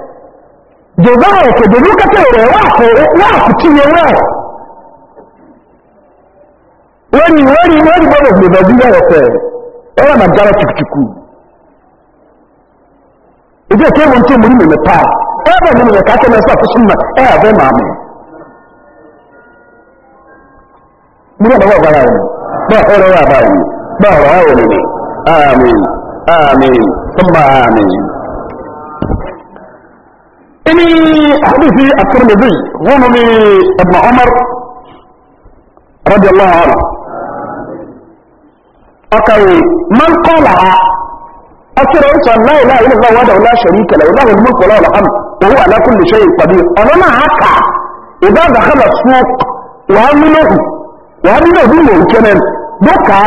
B: jòzọ́wọ̀ òkè jòzó kẹta ìrẹ̀ wáàkùtíyẹwẹ́
A: lórí lórí lórí gbọ́dọ̀ na jára tukutuku ìjọ kí wọn tó múrí mẹ́mẹ́ pa ẹ̀bẹ̀ ní mẹ́mẹ́ káàkiri ẹ̀sọ́ àfúsùn náà ẹ̀ àbẹ́ màmí múrí ọ̀dọ́wọ̀ gbára rẹ̀ bá ọ̀rẹ́ wà báyìí bá ọ̀rẹ́ wà àmì àmì àmì إني حديث الترمذي غنمي ابن عمر رضي الله عنه أكل من قالها أكثر أنسى لا إله إلا الله وحده لا شريك له له الملك وله الحمد وهو على كل شيء قدير أنا ما عكا إذا دخل السوق وهمله وهمله هو كمان بكا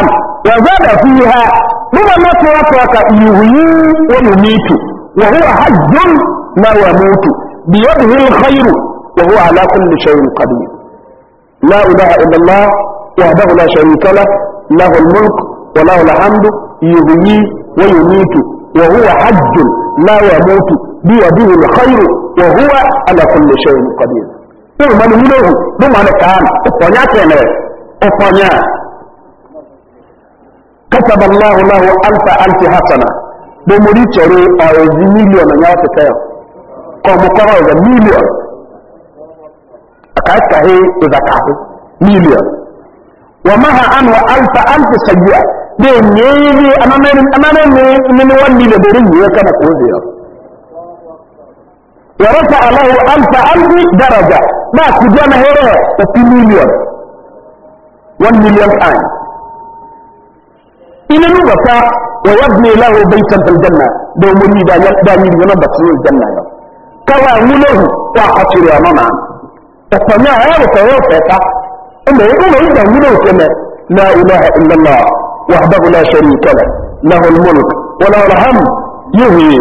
A: وزاد فيها لما ما توقعك يهوي ويميت وهو حج ما يموت بيده الخير وهو على كل شيء قدير لا إله إلا الله وحده لا شريك له له الملك وله الحمد يحيي ويميت وهو حج لا يموت بيده الخير وهو على كل شيء قدير قل من هنوه دم على كان أفنيا كنه أفنيا كتب الله له ألف ألف حسنة دمري تري أعزي مليون يوم تكيو kọmọkọrọ ẹ̀rọ mílíọ̀n àkàkàhé ìzàkàhé mílíọ̀n wọ́n máa hàn wọ́n alfa alfa sàgbéà ní ènìyàn amánẹ́ni ní wọ́n mílíọ̀n lórí ìwé kọ́nà kò ó zèrò ورفع له ألف ألف درجة ما كجان هيرا في مليون 1 مليون آن إلى نبتا ويبني له بيتا في الجنة دوم دا يبني لنا بطول الجنة يوم káwá ìwúlòhùn tó àkọsílẹ̀ ọ̀nà na ẹ̀sọ̀ ní àwọn ẹ̀rọ fẹ̀rẹ̀ òfẹ́ta ọmọ ìlú ló ń gbà wúlò na náà ilẹ̀ ìlọ́lá wà dábò náà ṣe Na kẹlẹ̀ lahul mulk yuhi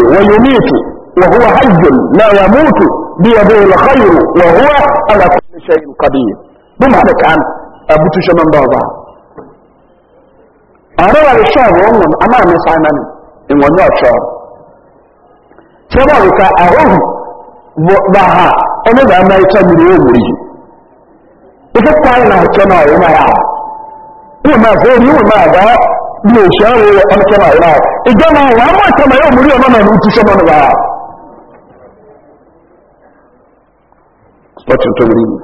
A: wọn huwa hajjun na ya mútu bí ẹbí ilẹ̀ khayru wọ huwa alakulli ṣe in kadi bí mà ní abutu ṣe mọ́ bàbá. a máa ní sáyẹn náà baha onye ga-ama ịcha mmiri ogburu yi ife taa na achọ na ọrụ ya ụmụ maazị ori ụmụ maazị a dị oshi ọrụ ọnụcha na ọrụ ịga na ọrụ ama na ya ogburu na n'utu ya ibu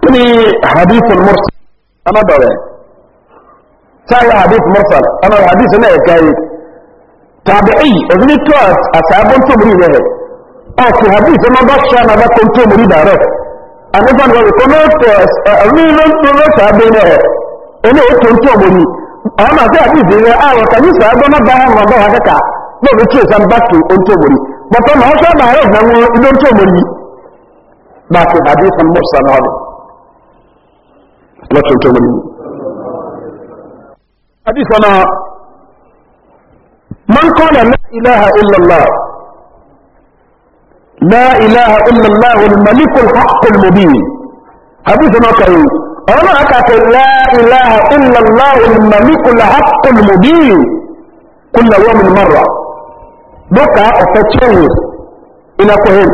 A: kini hadithun mursal ana dọrọ sayị hadith mursal ana hadith na tabi'i ezini tuwas a sabon ne a ki hadisi ma ba sha na ba kun tumuri da rai an zan wa ko no a rilon tumuri sabe ne ene o tun tumuri amma ga hadisi ne a wa kan na ba ma ba haka ka ba bi ce san ba tu on tumuri ba ta ma sha na rai nan idon tumuri ba ki من قال لا إله إلا الله لا إله إلا الله الملك الحق المبين حديث نقري أنا أكاك لا إله إلا الله الملك الحق المبين كل يوم مرة بكى أفتشه إلى كهن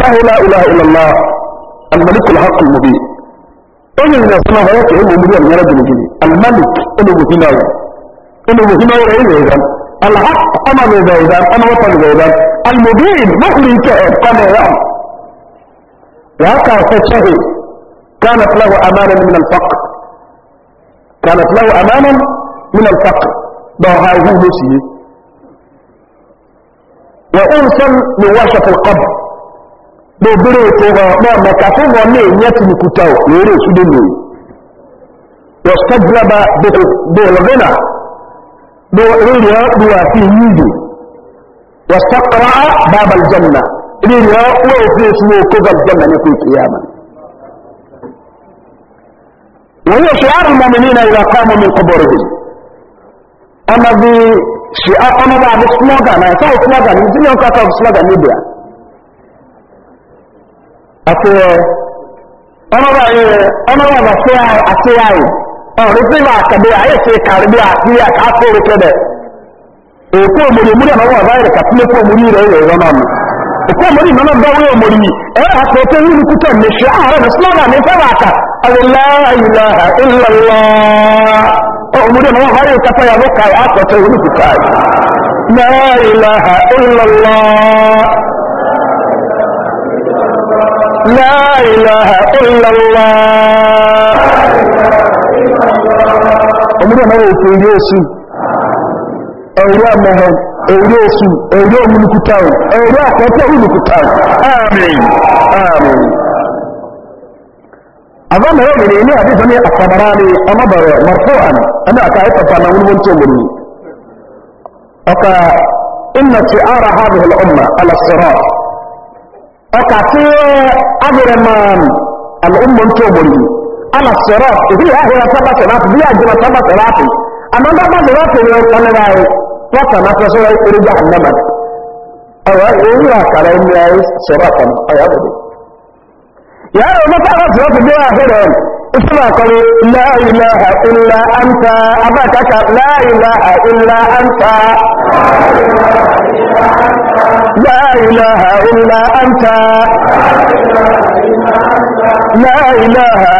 A: فهو لا إله إلا الله الملك الحق المبين أين من أسماء هياته هم مبين يا رجل الملك أنه مبين إنه مهم أيضا إذا الحق أمر إذا أنا وطن إذا المبين مخرج كأبقنا وهكذا فتشه كانت له أمانا من الفقر كانت له أمانا من الفقر دوها هو مسيح وأنسا من وشف القبر ببريت ومكافئ ونية مكتاو ويريد سدنه واستجلب به الغنى ريريا دوا في يجو واستقرأ باب الجنة ريريا وفي اسمه كذا الجنة في القيامة وهي شعار المؤمنين إذا قاموا من قبورهم أما ذي شعار أنا بعد سلوغان أنا سوى سلوغان يمكن أن أكون سلوغان يبيع أتي أنا بعد أنا بعد أتي أتي ọ̀rọ̀ na máa kàbí a kàríbí àti àkáàtó orúkẹ́dẹ̀ òkú òmòrì múrí àwọn ọ̀rọ̀ ẹ̀rẹ̀ kàtílé fún òmòrì rẹ̀ na rọ́nà mi òkú òmòrì náà dáwọ́ òmòrì yìí ẹ̀rọ àkọ́tẹ́ yìí kúkẹ́ ní ṣe àárẹ̀ ní sílọ́nà ní fẹ́ wàkà àwòláìláha ìlàlá òmòrì àwọn ọ̀rọ̀ ẹ̀rẹ̀ kàtà yà lókà àkọ́tẹ́ yìí kúkà láìláha ìlàlá ọmọdé anyị ana na wulwun tumuri aka inna shi'ara hadhihi al-umma ala sirat على الصراط وهي هي سبع صراط بيا جنا سبع صراط أما ما ما صراط يوم كان راي فتا ما تصير يرجع النمل أو يرجع كلام راي صراطا أي أبدا يا ما تعرف صراط بيا هيرم اسمع قال لا إله إلا أنت أبتك لا إله إلا أنت
B: لا إله إلا أنت لا إله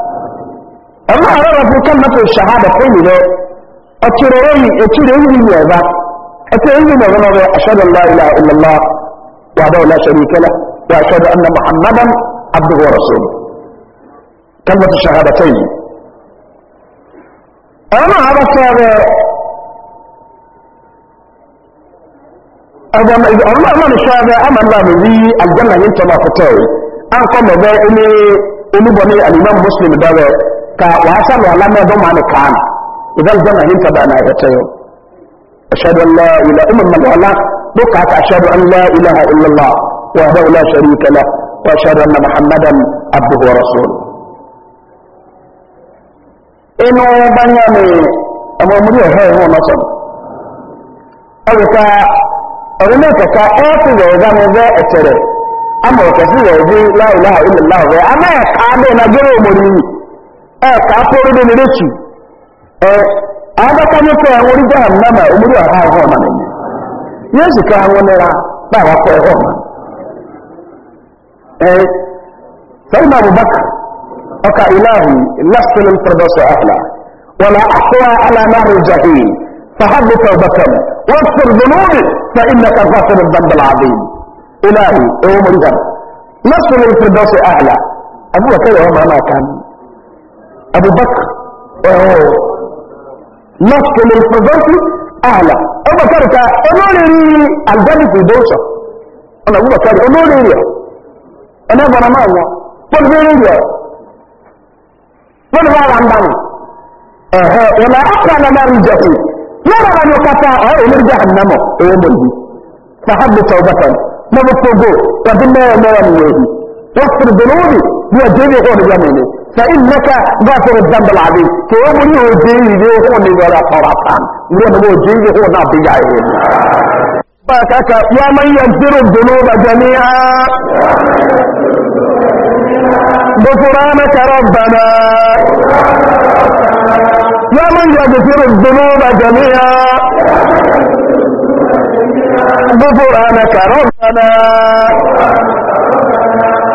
A: أما أرى كان نفس الشهادة كل ذا أتريني أتريني من هذا أتريني من هذا أشهد أن لا إله إلا الله وحده لا شريك له وأشهد أن محمدا عبده ورسوله كلمة الشهادتين
B: أما أرى كان أما الله من شاهد
A: أما الله من ذي الجنة ينتبه كتير أنكم بأني أمي بني الإمام مسلم دارت ka wasa lo ala me do ma ne kan idan jama hin tada na ya tayo ashhadu an la ilaha illa allah do ka ta ashhadu an la ilaha illa allah wa huwa la sharika la wa ashhadu anna muhammadan abduhu wa rasuluhu inu banya ne amma muri o he ho naso alika orime ka ka o ti do ga ne ze etere amma ka si ga ji la ilaha illa allah amma ka be na gero mo ni ẹ̀ka pọ́rọ́dé lè lẹ́tù ẹ̀ adákanúkọ àwọn orí dáhà nàmà omúrí ọ̀há ọ̀họ́ ọ̀mà nìyí yóò sì ká àwọn nira báwa kọ ẹ̀họ́ ọ̀mà ẹ̀ sẹ́yìn abubakar ọkà ìlàhùn lásìlẹ̀ fẹ́rẹ́dọ́sọ̀ àhàlà wọn àṣọwà alámàrù jahil fàhàbù tọ̀bọ̀tàn wọ́n fi dùnúrì fẹ́ iná kàfà fẹ́rẹ́ dàmbàlà àdéhùn ìlàhùn ẹ̀wọ̀n mọ̀rígà lásìlẹ̀ fẹ́rẹ́dọ́sọ̀ àhàlà abubakar yọ̀ أبو بكر نفس من فضلت أعلى أبو بكر كأنوري الجنة في دوشة أنا أبو بكر أنوري أنا أبو رمانيا قل بيري قل بيري عن بني أها ولا أقرأ لنا رجعي يرى من يقطع أو يرجع النمو ويمره فحب توبة نبو فوقه وبالله يا مواني ويهي واغفر ذنوبي وجيبي غير يميني فإنك غافر الذنب العظيم كيوم ليه جيدي هو اللي ولا قرطان آه. ليه هو جيدي هو نبي جايين يا من يغفر الذنوب جميعا غفرانك ربنا يا من يغفر الذنوب جميعا غفرانك ربنا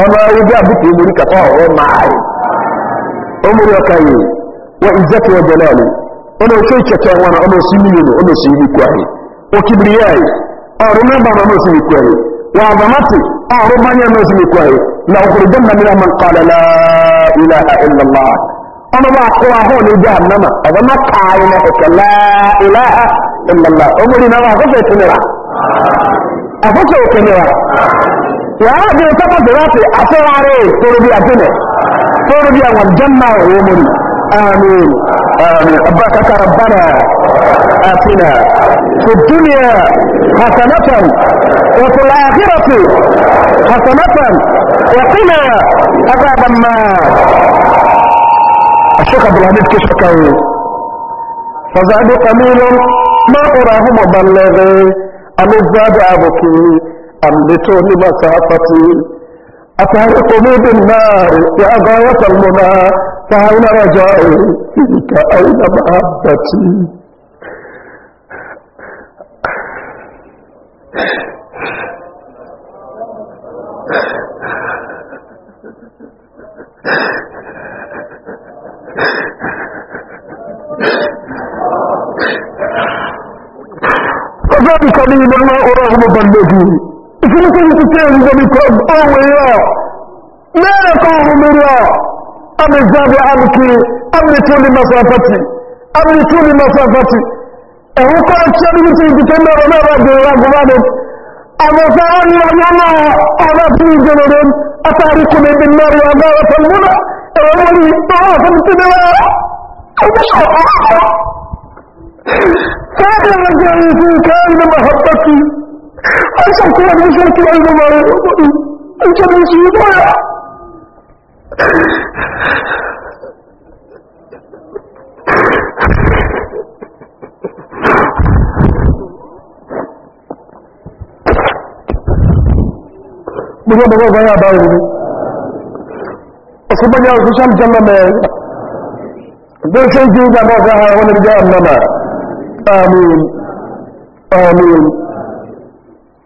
A: Ọ ẹgbẹ́ àbúkù omori kàtọ́ ọ̀rọ̀ máa yìí omori ọkà yìí wọ́n ìjẹ́kẹ̀ ọjọ́ náà ni ọmọ ọ na wọn ọmọ ya mmanya na òkúrò jẹ́nà ní ọmọ nkàlẹ̀ láìláha ìlàlá ọmọ bá kó ahọ́ ní ìjà àmàmà ọ̀rọ̀ má na yàrá bí o tọ́kọ̀ tó wáfẹ́ afẹ́wárẹ́ tóru bí àtúnẹ̀ tóru bí àwọn jẹ́mà òun mú آمين آمين أباكك ربنا آتنا في الدنيا حسنة وفي الآخرة حسنة وقنا عذاب النار الشيخ عبد الحميد كشكاوي فزاد قليل ما أراه مبلغي أم الزاد أبكي أملته لمسافتي أتعرف قلوب النار يا غاية المنى فأين رجائي
B: فيك أين محبتي
A: فذلك لي ما أراه مبلغي ìfúnnukú ní títẹ́ ìrìnlẹ̀ club ọwọ́ onwe mẹ́rẹ̀ mere ọmọmọrí ọ ọmọ ìjáde alùkí amìtúni masafati amìtúni masafati ẹ̀hún kọ́ ẹ̀kẹ́ ní ti ìdíkẹ́ mẹ́rọ mẹ́rọ bèèrè agbábádé àmọ̀fẹ́ ọ̀nà ọ̀nà ọ̀nà tí ìjẹrẹrẹ atari kò lè dín mẹ́rin agbára tó múlá ẹ̀rọ wọn ni ọwọ́
B: tó ti أنا أنصرت لك بشرك العلم ما يؤمن أنت من سيدها مجھے بڑے بڑا
A: بھائی بھی صبح جاؤ خوشم جنم میں دل سے جی کا موقع ہے وہ جہنم آمین آمین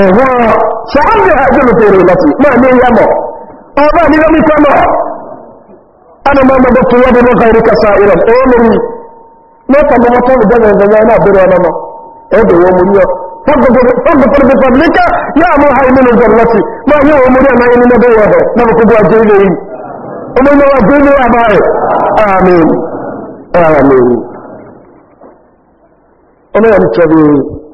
A: ẹ̀họ́ a àjọ́lùfèrè lọ́tí máa ní ya mọ̀ ọba ní lọ́míkọ́ mọ̀ ana ma kasa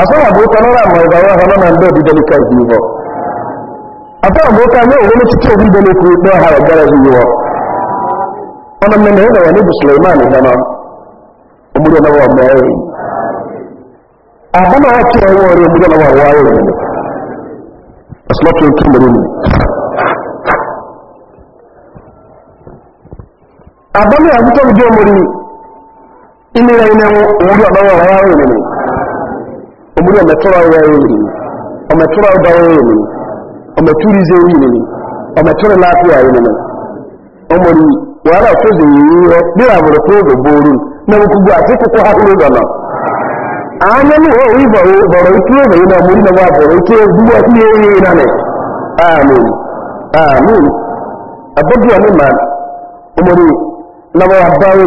A: asọ́wọ́ àbúkọ náà àmọ̀ ìgbàwọ́ ọ̀hánà máa ń bẹ́ẹ̀ bí dẹ́líkà ìdí wọ asọ́wọ́ àbúkọ náà òun ní títí òbí dẹ́líkà ìdí ọ̀há ìgbàrà ìdí wọ ọmọ mi náà yẹn níbi suleiman ìdáná omúdé náà wà mọ́ ẹ̀yìn àbámọ́ àti ẹ̀wọ̀n rẹ̀ omúdé náà wà wá ẹ̀yìn asọ́wọ́ tó ń àbámọ́ àbúkọ ìdí òmùrí ìnira ìnẹ̀wọ̀n omuli ometora weyayewulimi ometora udaweyewulimi ometurize wulimi ometora lafiya wulimi omuli wala otoze yiyiyo lirabula kwezo bolu nabukugu ate kuko hakulugana anya ni o yi baro baro ikiyeze yina omuli nawa baro ikiyeze duwa kuyeyeyinane amin amin abadu amin man omuli nawa dawe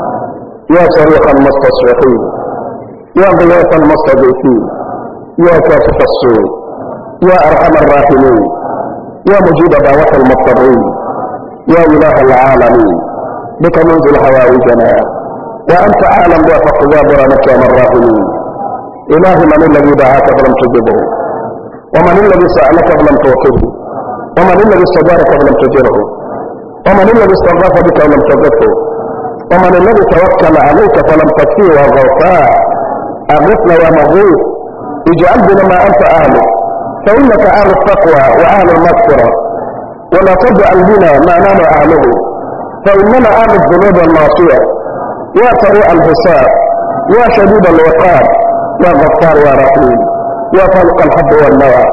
A: يا شريف المستصرخين يا غياث المستضيفين يا كاشف السوء يا ارحم الراحمين يا مجيب دعوه المضطرين يا اله العالمين بك ننزل حوائجنا وانت اعلم بها فاستجاب لك يا الراحمين اله من الذي دعاك فلم تجبه ومن الذي سالك فلم توقفه ومن الذي استجارك فلم تجره ومن الذي استغاث بك ولم تغفه ومن الذي توكل عليك فلم تكفيه الغوثاء أغثنا يا مغيث اجعل بنا ما أنت أهله فإنك أهل التقوى وأهل المغفرة ولا تجعل بنا ما نام أهله فإننا أهل الذنوب المعصية يا سريع الحساب يا شديد العقاب يا غفار يا رحيم يا خالق الحب والنوى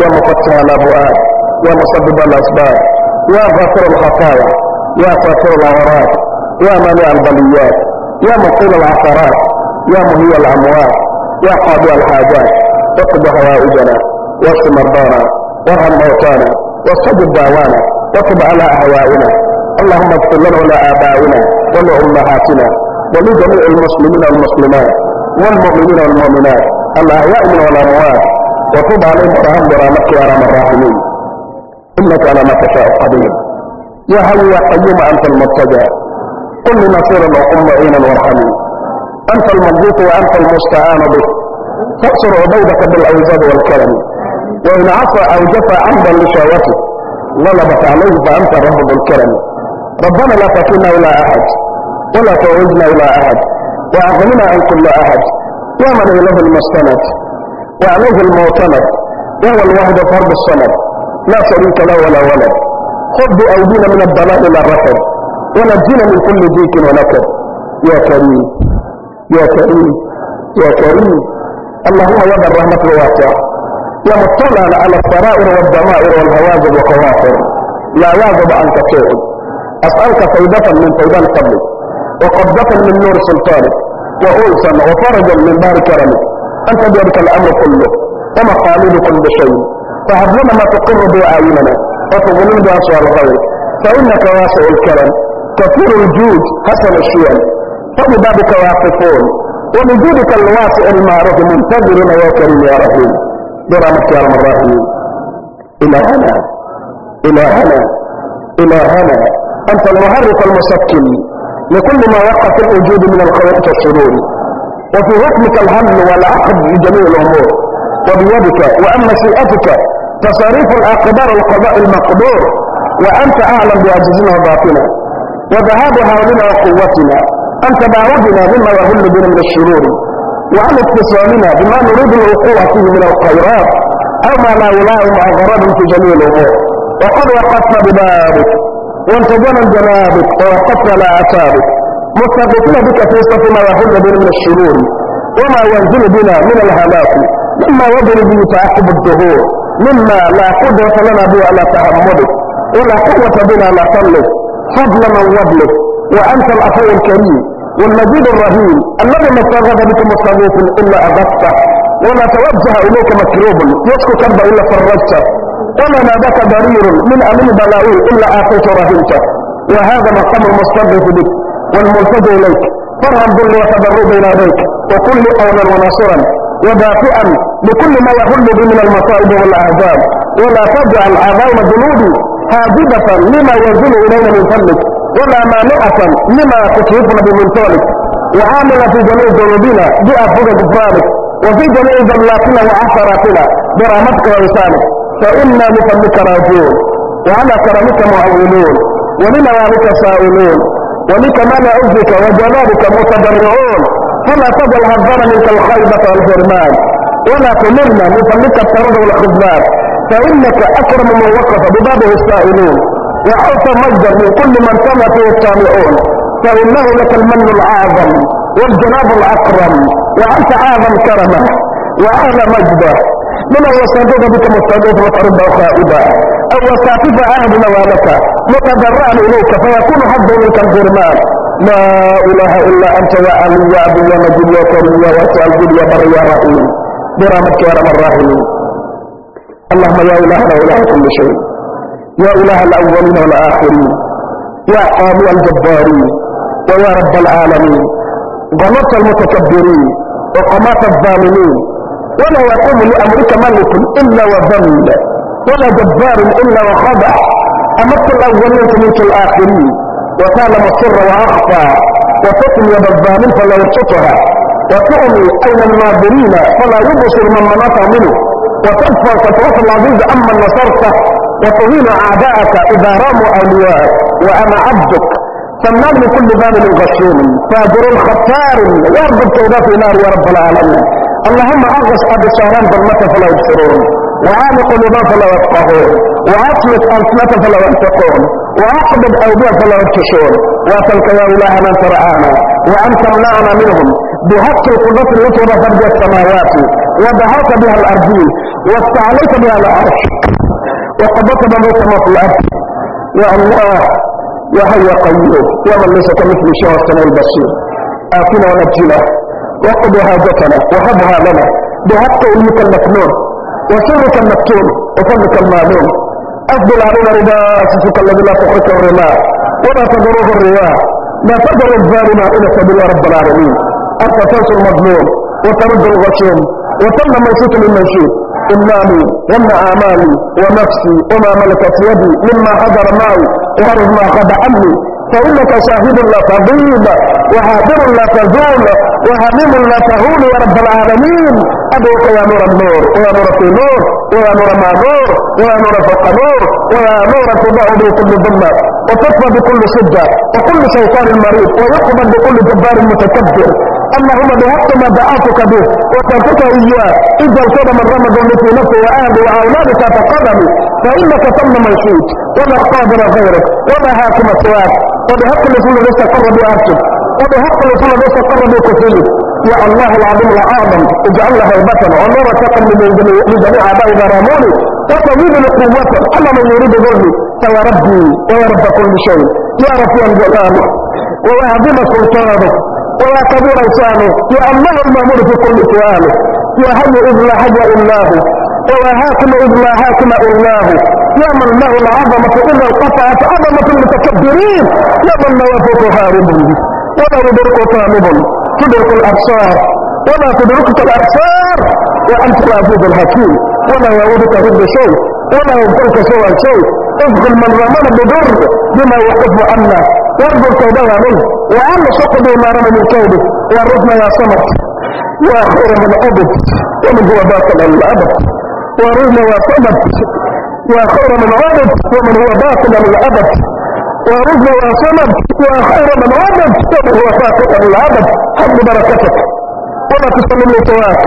A: يا مفتح الأبواب يا مسبب الأسباب يا غفور الخطايا يا ساتر الأغراض يا مانع البليات يا مقيل العثرات يا مهي الأموات يا قاضي الحاجات اقض هوائجنا واشف مرضانا وارحم موتانا واستجب دعوانا وتب على أهوائنا اللهم اغفر لنا ولآبائنا ولأمهاتنا ولجميع المسلمين والمسلمات والمؤمنين والمؤمنات الأحياء من والأموات وتب عليهم وارحم برحمتك يا رب الراحمين إنك على ما تشاء قدير يا هل يا قيوم أنت المرتجى قل لنصير وقم عينا وارحمنا أنت المضبوط وأنت المستعان به فاسر عبيدك بالأوزاد والكرم وإن عصى أو جفى عمدا لشهوته غلبت عليه فأنت رب الكرم ربنا لا تكلنا إلى أحد ولا تعودنا إلى أحد وأغننا عن كل أحد يا من إله المستند وعليه المعتمد وهو الوحد فرد الصمد لا شريك له ولا ولد خذ بأيدينا من الضلال إلى الرفض ونجينا من كل ضيق ونكر يا كريم يا كريم يا كريم اللهم يا ذا الرحمة الواسعة يا مطلع على السرائر والضمائر والهواجب والقوافر لا يغضب عنك شيء أسألك فيضة من فيضان قبلك وقبضة من نور سلطانك وأنسا وفرجا من دار كرمك أنت بيدك الأمر كله وما قالوا كل شيء فهب لنا ما تقر به أعيننا به بأسوار غيرك فإنك واسع الكرم كثير الجود حسن الشيم فببابك واقفون وبجودك الواسع المعروف منتظرون يا كريم يا رحيم برحمتك يا هنا الى الهنا الهنا الهنا انت المحرك المسكن لكل ما وقع في الوجود من الخير والشرور وفي حكمك الهم والعقد لجميع الامور وبيدك وان مشيئتك تصاريف الاقدار القضاء المقدور وانت اعلم بعجزنا وباطنا وذهاب هولنا وقوتنا أن تباعدنا مما يهل بنا من الشرور وعن اتصالنا بما نريد الوقوع فيه من الخيرات أو ما لا يلائم أغراض في جميع الأمور وقد وقفنا ببابك وانتجنا بجنابك ووقفنا لا أتابك متفقين بك في صف ما يهل بنا من الشرور وما ينزل بنا من الهلاك مما يجري به تعقب الدهور مما لا قدرة لنا به على تحمله ولا قوة بنا على تملك فضل من وضلك وأنت الأخو الكريم والمجيد الرهيم الذي ما استرغب بك مستغيث إلا أغفته وما توجه إليك مكروب يشكو كرب إلا فرجته وما نادك ضرير من أمين بلاوي إلا آتيت رهينته وهذا مقام المستغيث بك والملتجئ إليك فارهم بالله وتبروا بين يديك وكل قولا وناصرا ودافئا لكل ما يهل بي من المصائب والأعذاب ولا تجعل عظام جنودي حاجبة لما ينزل إلينا من فضلك ولا مانعة لما تشرفنا بمن فضلك وعامل في جميع ذنوبنا بأفضل كفارك وفي جميع ذنوبنا وعثراتنا برامتك ورسالك فإنا لفضلك راجون وعلى كرمك معولون وارك سائلون ولكمال عزك وجلالك متبرعون فلا تجعل هبنا منك الخيبة والحرمان ولا تمرنا من فضلك الترد والخذلان فإنك أكرم من وقف ببابه السائلون وأعطى مجدا من كل من كان فيه السامعون فإنه لك المن الأعظم والجناب الأكرم وأنت أعظم كرما وأعلى مجدا من هو يستهدف بك مستهدف وترد خائبا أو يستعطف عهد نوالك متضرعا إليك فيكون حظا منك الجرمان لا إله إلا أنت يا علي يا أبي يا مجد يا كريم يا واسع الجود يا بر يا رحيم برامك يا رب الراحمين اللهم يا إلهنا وإله كل شيء يا إله الأولين والآخرين يا قاضي الجبارين ويا رب العالمين ظلمت المتكبرين وقمات الظالمين ولا يقوم لأمرك ملك إلا وذل ولا جبار إلا وخضع أمت الأولين تموت الآخرين وكان السر وأخفى وتقم يد الظالم فلا يبسطها وتعمي أين الناظرين فلا يبصر من مناطع منه وتظفر فتوات العزيز أما نصرت وتهين أعداءك إذا راموا أولياءك وأنا عبدك سمان لكل باب غشوم فاجر خطار يربط التوبات نار يا رب العالمين اللهم أغش أبصارهم ظلمة فلا يبصرون وعالي قلوبهم فلا يفقهون وأصلت ألسنة فلا ينفقون وأقبض أودية فلا يبتشون وأسألك يا إلهنا أن ترعانا وأن تمنعنا منهم بهك القدرة التي رفضت السماوات ودعاك بها الأرضين واستعليك بها العرش وقبضت بها ما في الأرض يا الله يا حي يا قيوم يا من ليس كمثل شيء والسماء البصير آتنا ونجنا واقض حاجتنا وهبها لنا بحق أمك المكنون وسرك المكتوم وفمك المعلوم أفضل علينا رضا سفك الذي لا تحرك الرماء ولا تضروه الرياح لا تضر الظالم إلى سبيل رب العالمين أنت تنصر المظلوم وترد الغشوم وتم من شئت لمن شئت إمامي وما آمالي ونفسي وما ملكت يدي مما حضر معي وارض ما قد عني فإنك شاهد لا تضيب وحاضر لا تزول وهميم لا تهول يا رب العالمين أبوك يا نور النور ويا نور في نور ويا نور مع نور ويا نور فوق نور ويا نور تضع به كل ظلمة وتطفى بكل شدة وكل شيطان مريض ويقبل بكل جبار متكبر اللهم بهبت ما دعاتك به وتركك إياه إذا ارتد من رمضان في نفسه وأهله وأولادك فقدموا فإنك تم منشوط ولا قادر غيرك ولا هاكم سواك وبهق الرسول ليس قر بأرشد وبهق الرسول ليس قر بكفره يا الله العظيم الأعظم له هيبة عمر تقل لجميع أعدائنا راموني وتزيد لقوته أما من يريد ظلمي فيا ربي ويا رب كل شيء يا رفيع جلاله ويا عظيم سلطانك ويا كبير لسانه يا الله المامور في كل سؤاله يا هل إذ لا هدي الله ولا هاكم إذ لا هاكم الله يا من له العظمة إلا انقطعت عظمة المتكبرين يا من لا يفوت هارب ولا يدرك طالب تدرك الأبصار ولا تدركك الأبصار وأنت العزيز الحكيم ولا يعودك ضد شيء ولا ينفعك سوى شيء اذكر من رمان بضر بما يحب عنا وارجو التوبة يا منه وعلى شقد ما رمى من يا ربنا يا صمت يا خير من عبد ومن هو باطل الأبد والركن يا صمت يا خير من عبد ومن هو باطل الأبد ورزق يا صمد يا خير من عبد ومن هو باطل العبد حب بركتك ولا تسلم لي سواك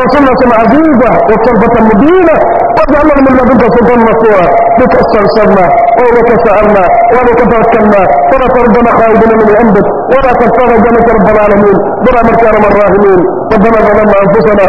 A: وصلنا وسنة عزيزة وتربة مدينة واجعلنا من لدنك سلطان مشروعا بك استرسلنا ولك سألنا ولك توكلنا ولا تردنا خائدنا من عندك ولا تنفع جنة رب العالمين برحمتك يا الراهمين ربنا ظلمنا أنفسنا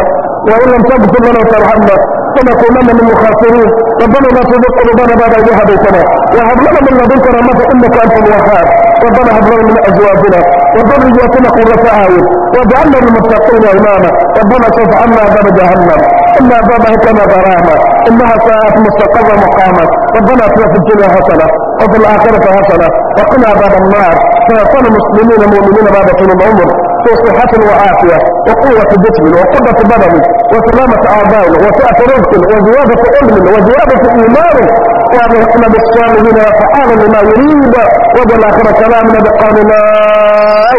A: وإن لم تغفر لنا وترحمنا سنكونن من الخاسرين ربنا لا تزغ قلوبنا بعد إذ هديتنا وهب لنا من لدنك رحمة إنك أنت الوهاب ربنا هب لنا من أزواجنا وذرياتنا قرة أعين واجعلنا للمتقين إماما ربنا صرف عنا عذاب جهنم إن عذابها كان براهما إنها ساءت مستقرا مقاما ربنا اتنا في الدنيا حسنة وفي الآخرة حسنة وقنا عذاب النار فيصل المسلمين المؤمنين بعد طول العمر وصحة وعافية وقوة جسم وقبة بدن وسلامة أعضاء وسعة رزق وزيادة علم وزيادة إيمان وأن يكون بالصالحين وفعال لما يريد وجل آخر كلامنا بقول لا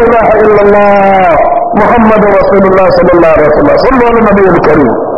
A: إله إلا الله
B: محمد رسول الله صلى الله عليه وسلم صلوا على النبي الكريم